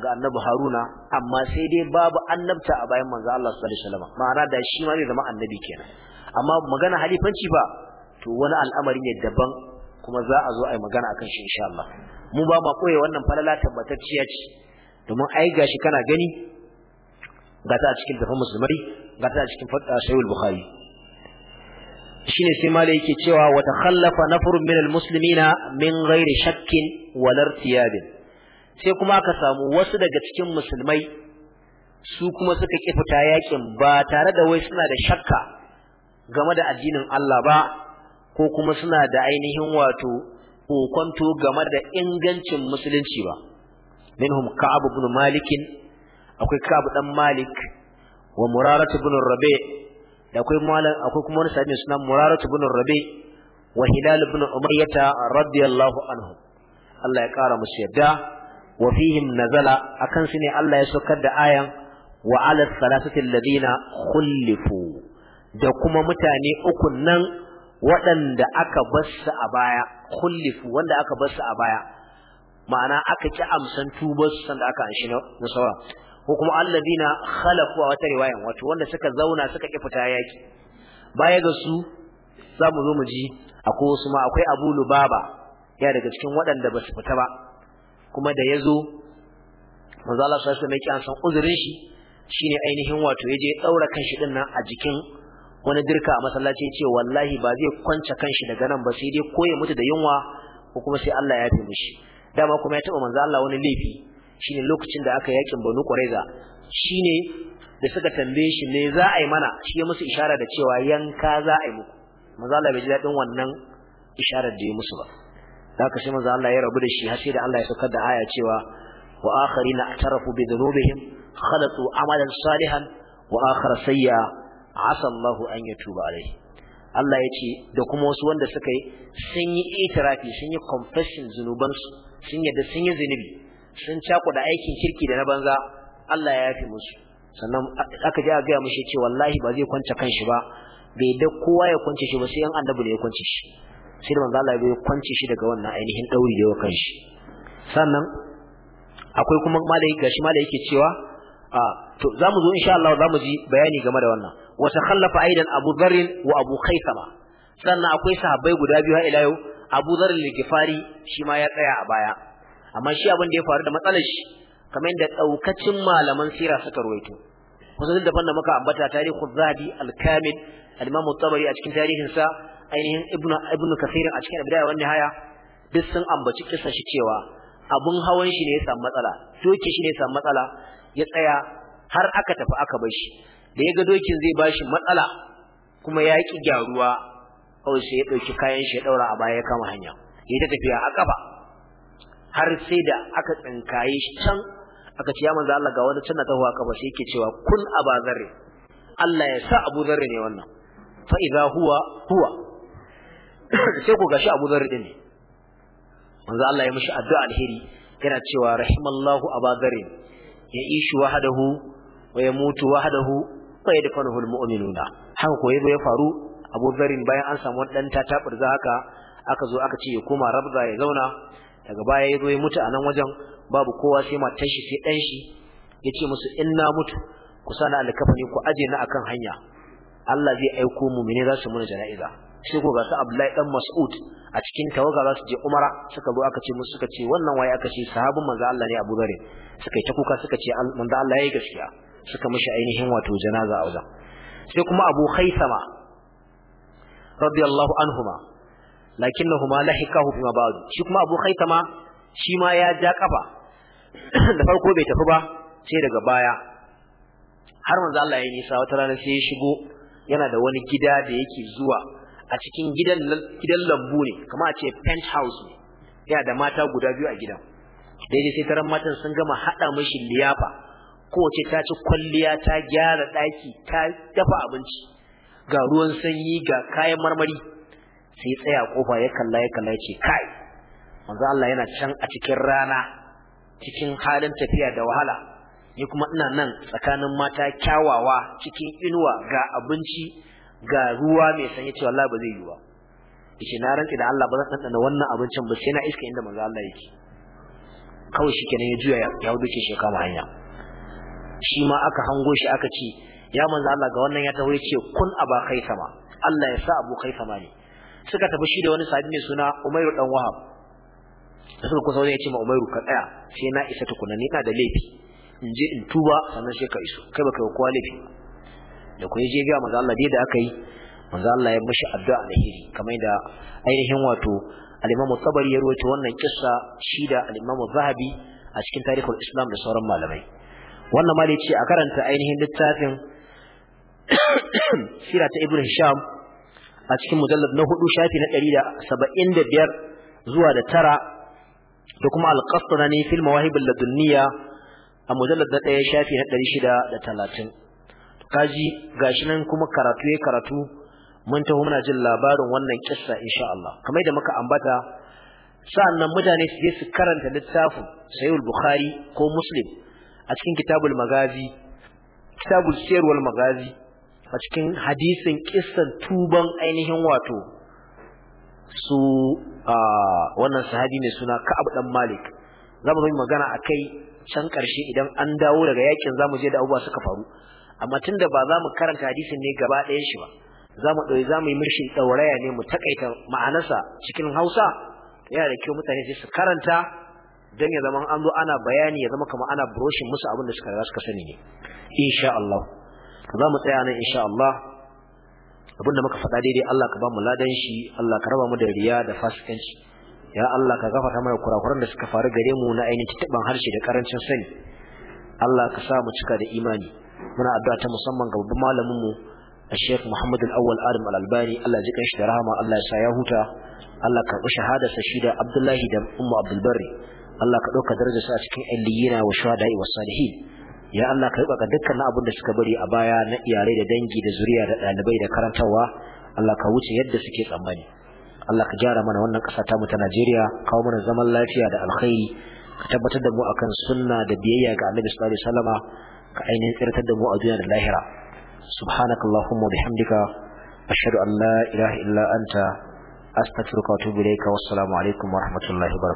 ga annabi Haruna amma sai dai babu annabta a bayan manzo Allah sallallahu alaihi wasallam ma'ana da shi ma ne zama annabi kenan amma magana halifanci ba to wani al'amari ne daban kuma za a zo a yi magana akan shi insha Allah mu ba ma koyi wannan falala tabbatacciya ce domin ai gashi kana gani ga ta cikin dafa musulmai ga ta a cikin sayyid bukhari shine sai malai yake cewa wa takhallafa nafarun min almuslimina min ghairi shakkin wal irtiyab sai kuma aka samu wasu daga cikin musulmai su kuma suka ki fita yakin ba tare da wai suna da shakka game da addinin Allah ba ko kuma suna da ainihin wato kokonto game da ingancin musulunci ba minhum ka'ab ibn malik akwai ka'ab dan malik wa murarat ibn rabi da akwai malam akwai kuma wani sahabi sunan murarat ibn rabi wa hilal ibn umayyah radiyallahu anhu Allah ya kara musu yadda wa fihim nazala akan su ne Allah ya saukar da ayan wa ala salasati alladhina khulifu da kuma mutane uku nan waɗanda aka basu a baya khullifu wanda aka basu a baya ma'ana aka ki amsan tubas su sanda aka anshi na saura ko kuma alladina khalafu a wata riwaya wato wanda suka zauna suka ki fita yaki baya ga su za mu zo mu ji akwai wasu ma akwai Abu Lubaba ya daga cikin waɗanda basu fita ba kuma da yazo manzo Allah sallallahu alaihi wasallam ya ki amsan uzurin shi shine ainihin wato yaje daura kan shi dinnan a jikin wani dirka a masallaci ya ce wallahi ba zai kwance kanshi daga nan ba sai dai ko ya mutu da yunwa ko kuma sai Allah ya yafe mishi dama kuma ya taba manzo Allah wani laifi shine lokacin da aka yakin Banu Qurayza shine da suka tambaye shi me za a yi mana shi ya musu ishara da cewa yanka za a yi muku manzo Allah bai ji dadin wannan isharar da ya musu ba haka sai manzo Allah ya rabu da shi har sai da Allah ya saukar da aya cewa wa akharina atarafu bi dhunubihim khalatu amalan salihan wa akhara sayya asa Allahu an tuba alaihi Allah ya ce da kuma wasu wanda suka yi sun yi itirafi sun yi confession zunubansu sun yadda sun yi zunubi sun cakuda aikin kirki da na banza Allah ya yafe musu sannan aka ji a gaya mushi ce wallahi ba zai kwance kanshi ba bai da kowa ya kwance shi ba sai an annabi ne ya kwance shi sai da manzo Allah ya kwance shi daga wannan ainihin dauri da yawa shi. sannan akwai kuma malai gashi malai yake cewa a ah, to zamu zo insha Allah zamu ji bayani game da wannan wa takhallafa aidan Abu Dharr wa abokai sama, sannan akwai sahabbai guda biyu har ila yau Abu Dharr al-Ghifari shi ya tsaya a baya amma shi abin da ya faru da matsalar shi kamar yadda daukacin malaman sira suka ruwaito kusa duk daban da muka ambata tarihu Zahabi al-Kamil al-Imam tabari a cikin tarihin sa ainihin Ibn Ibn Kathir a cikin Ibdaya wa Nihaya duk sun ambaci kissa shi cewa abun hawan shi ne ya samu matsala doki shi ne ya samu matsala ya tsaya har aka tafi aka bar shi da ya ga dokin zai bashi matsala kuma ya ki gyaruwa kawai sai ya ɗauki kayan shi ya ɗaura a baya ya kama hanya ya ta tafiya a ƙafa har sai da aka tsinkaye shi can aka ce ya manzo Allah ga wani tana tahowa ƙafa sai yake cewa kun aba zarre Allah ya sa Abu Zarre ne wannan fa idza huwa huwa (coughs) sai ku gashi Abu Zarre din ne manzo Allah ya mishi addu'a alheri yana cewa rahimallahu Abu Zarre ya ishu wahadahu wa yamutu wahadahu fa yadfanuhu almu'minuna haka ko yabo ya faru Abu Zarin bayan an samu dan ta burza haka aka zo aka ce ya koma Rabza ya zauna daga baya ya zo ya mutu a nan wajen babu kowa sai matar shi sai dan shi yace musu in na mutu ku sana alkafani ku aje na akan hanya Allah zai aiko mu'mini za su muna jana'iza sai ko ga Abdullahi dan Mas'ud a cikin tawaga za su je Umara suka zo aka ce musu suka ce wannan waye aka ce sahabin manzo Allah ne Abu Zarin suka yi ta kuka suka ce manzo Allah yayi gaskiya suka mishi ainihin wato janaza a wajen sai kuma Abu Khaisama radiyallahu anhuma lakinnahuma lahikahu bima ba'd shi kuma Abu Khaisama shi ma ya ja kafa (clears throat) da farko bai tafi ba sai daga baya har manzo Allah ya nisa wata rana sai ya shigo yana da wani gida da yake zuwa a cikin gidan gidan lambu ne kamar a ce penthouse ne yana da mata guda biyu a gidan daidai sai taron matan sun gama hada mishi liyafa kowace ta ci kwalliya ta gyara ɗaki ta dafa abinci ga ruwan sanyi ga kayan marmari sai tsaya kofa ya kalla ya kalla ya ce kai manzo Allah yana can a cikin rana cikin halin tafiya da wahala ni kuma ina nan tsakanin mata kyawawa cikin inuwa ga abinci ga ruwa mai sanyi ce wallahi ba zai yi ba yace na rantsi da Allah ba zan dandana wannan abincin ba sai na iska inda manzo Allah yake kawai shi kenan ya juya ya wuce shekaru kama hanya shi ma aka hango shi aka ce ya manzo Allah ga wannan ya tawo yace kun aba khaisama Allah ya sa abu khaisama ne suka tafi shi da wani sahabi mai suna Umairu dan Wahab suka kusa wani ya ce ma Umairu ka tsaya sai na isa tukuna ni ina da laifi in je in tuba sannan sai ka iso kai baka kowa laifi da kuma je ga manzo Allah da aka yi manzo Allah ya mishi addu'a hiri. kamar da ainihin wato al-Imam Tabari ya rawaito wannan kissa shi da al-Imam Zahabi a cikin tarihin Islam da sauran malamai wannan ma ce a karanta ainihin littafin (coughs) sira ta ibnu hisham a cikin mujallad na hudu shafi na 175 zuwa da tara da kuma al-qastanani fil mawahib al-ladunniya a mujallad na 1 shafi na 630 kaji gashi nan kuma karatu ya karatu mun taho muna jin labarin wannan kissa insha Allah kamar da muka ambata sa'annan mutane su je su karanta littafin Sahih Bukhari ko Muslim a cikin kitabul magazi kitabul sirwal magazi a cikin hadisin kissan tuban ainihin wato su a wannan sahabi ne suna Ka'ab dan Malik zamu yi magana akai can karshe idan an dawo daga yakin zamu je da abubuwa suka faru amma tunda ba za mu karanta hadisin ne gaba ɗayan shi ba zamu ɗauki zamu yi mishi ɗauraya ne mu takaita ma'anarsa cikin Hausa yana da kyau mutane su karanta dan ya zama an zo ana bayani ya zama kamar ana broshin musu abin da suka riga suka sani ne insha Allah za mu tsaya nan insha Allah abin da muka faɗa daidai Allah ka ba mu ladan shi Allah ka raba mu da riya da fasikanci ya Allah ka gafarta mana kurakuran da suka faru gare mu na ainihin taban harshe da karancin sani Allah ka sa mu cika da imani muna addu'a ta musamman ga babban malamin mu Sheikh Muhammad Al-Awwal Adam Al-Albani Allah ya ji kanshi da rahama Allah ya sa ya huta Allah ka shahada shahadarsa shi Abdullahi da Ummu Abdul Allah ka ɗauka darajar su a cikin alliyina wa shuhada'i wa salihin ya Allah ka rubuta dukkan abin da suka bari a baya na iyalai da dangi da zuriya da ɗalibai da karantawa Allah ka wuce yadda suke tsammani Allah ka gyara mana wannan ƙasa ta mu ta Najeriya kawo mana zaman lafiya da alkhairi ka tabbatar da mu akan sunna da biyayya ga Annabi sallallahu alaihi wasallama ka ainihin tsirtar da mu a duniya da lahira subhanakallahumma bihamdika ashhadu an la ilaha illa anta astaghfiruka wa atubu ilayka wassalamu alaikum wa rahmatullahi wa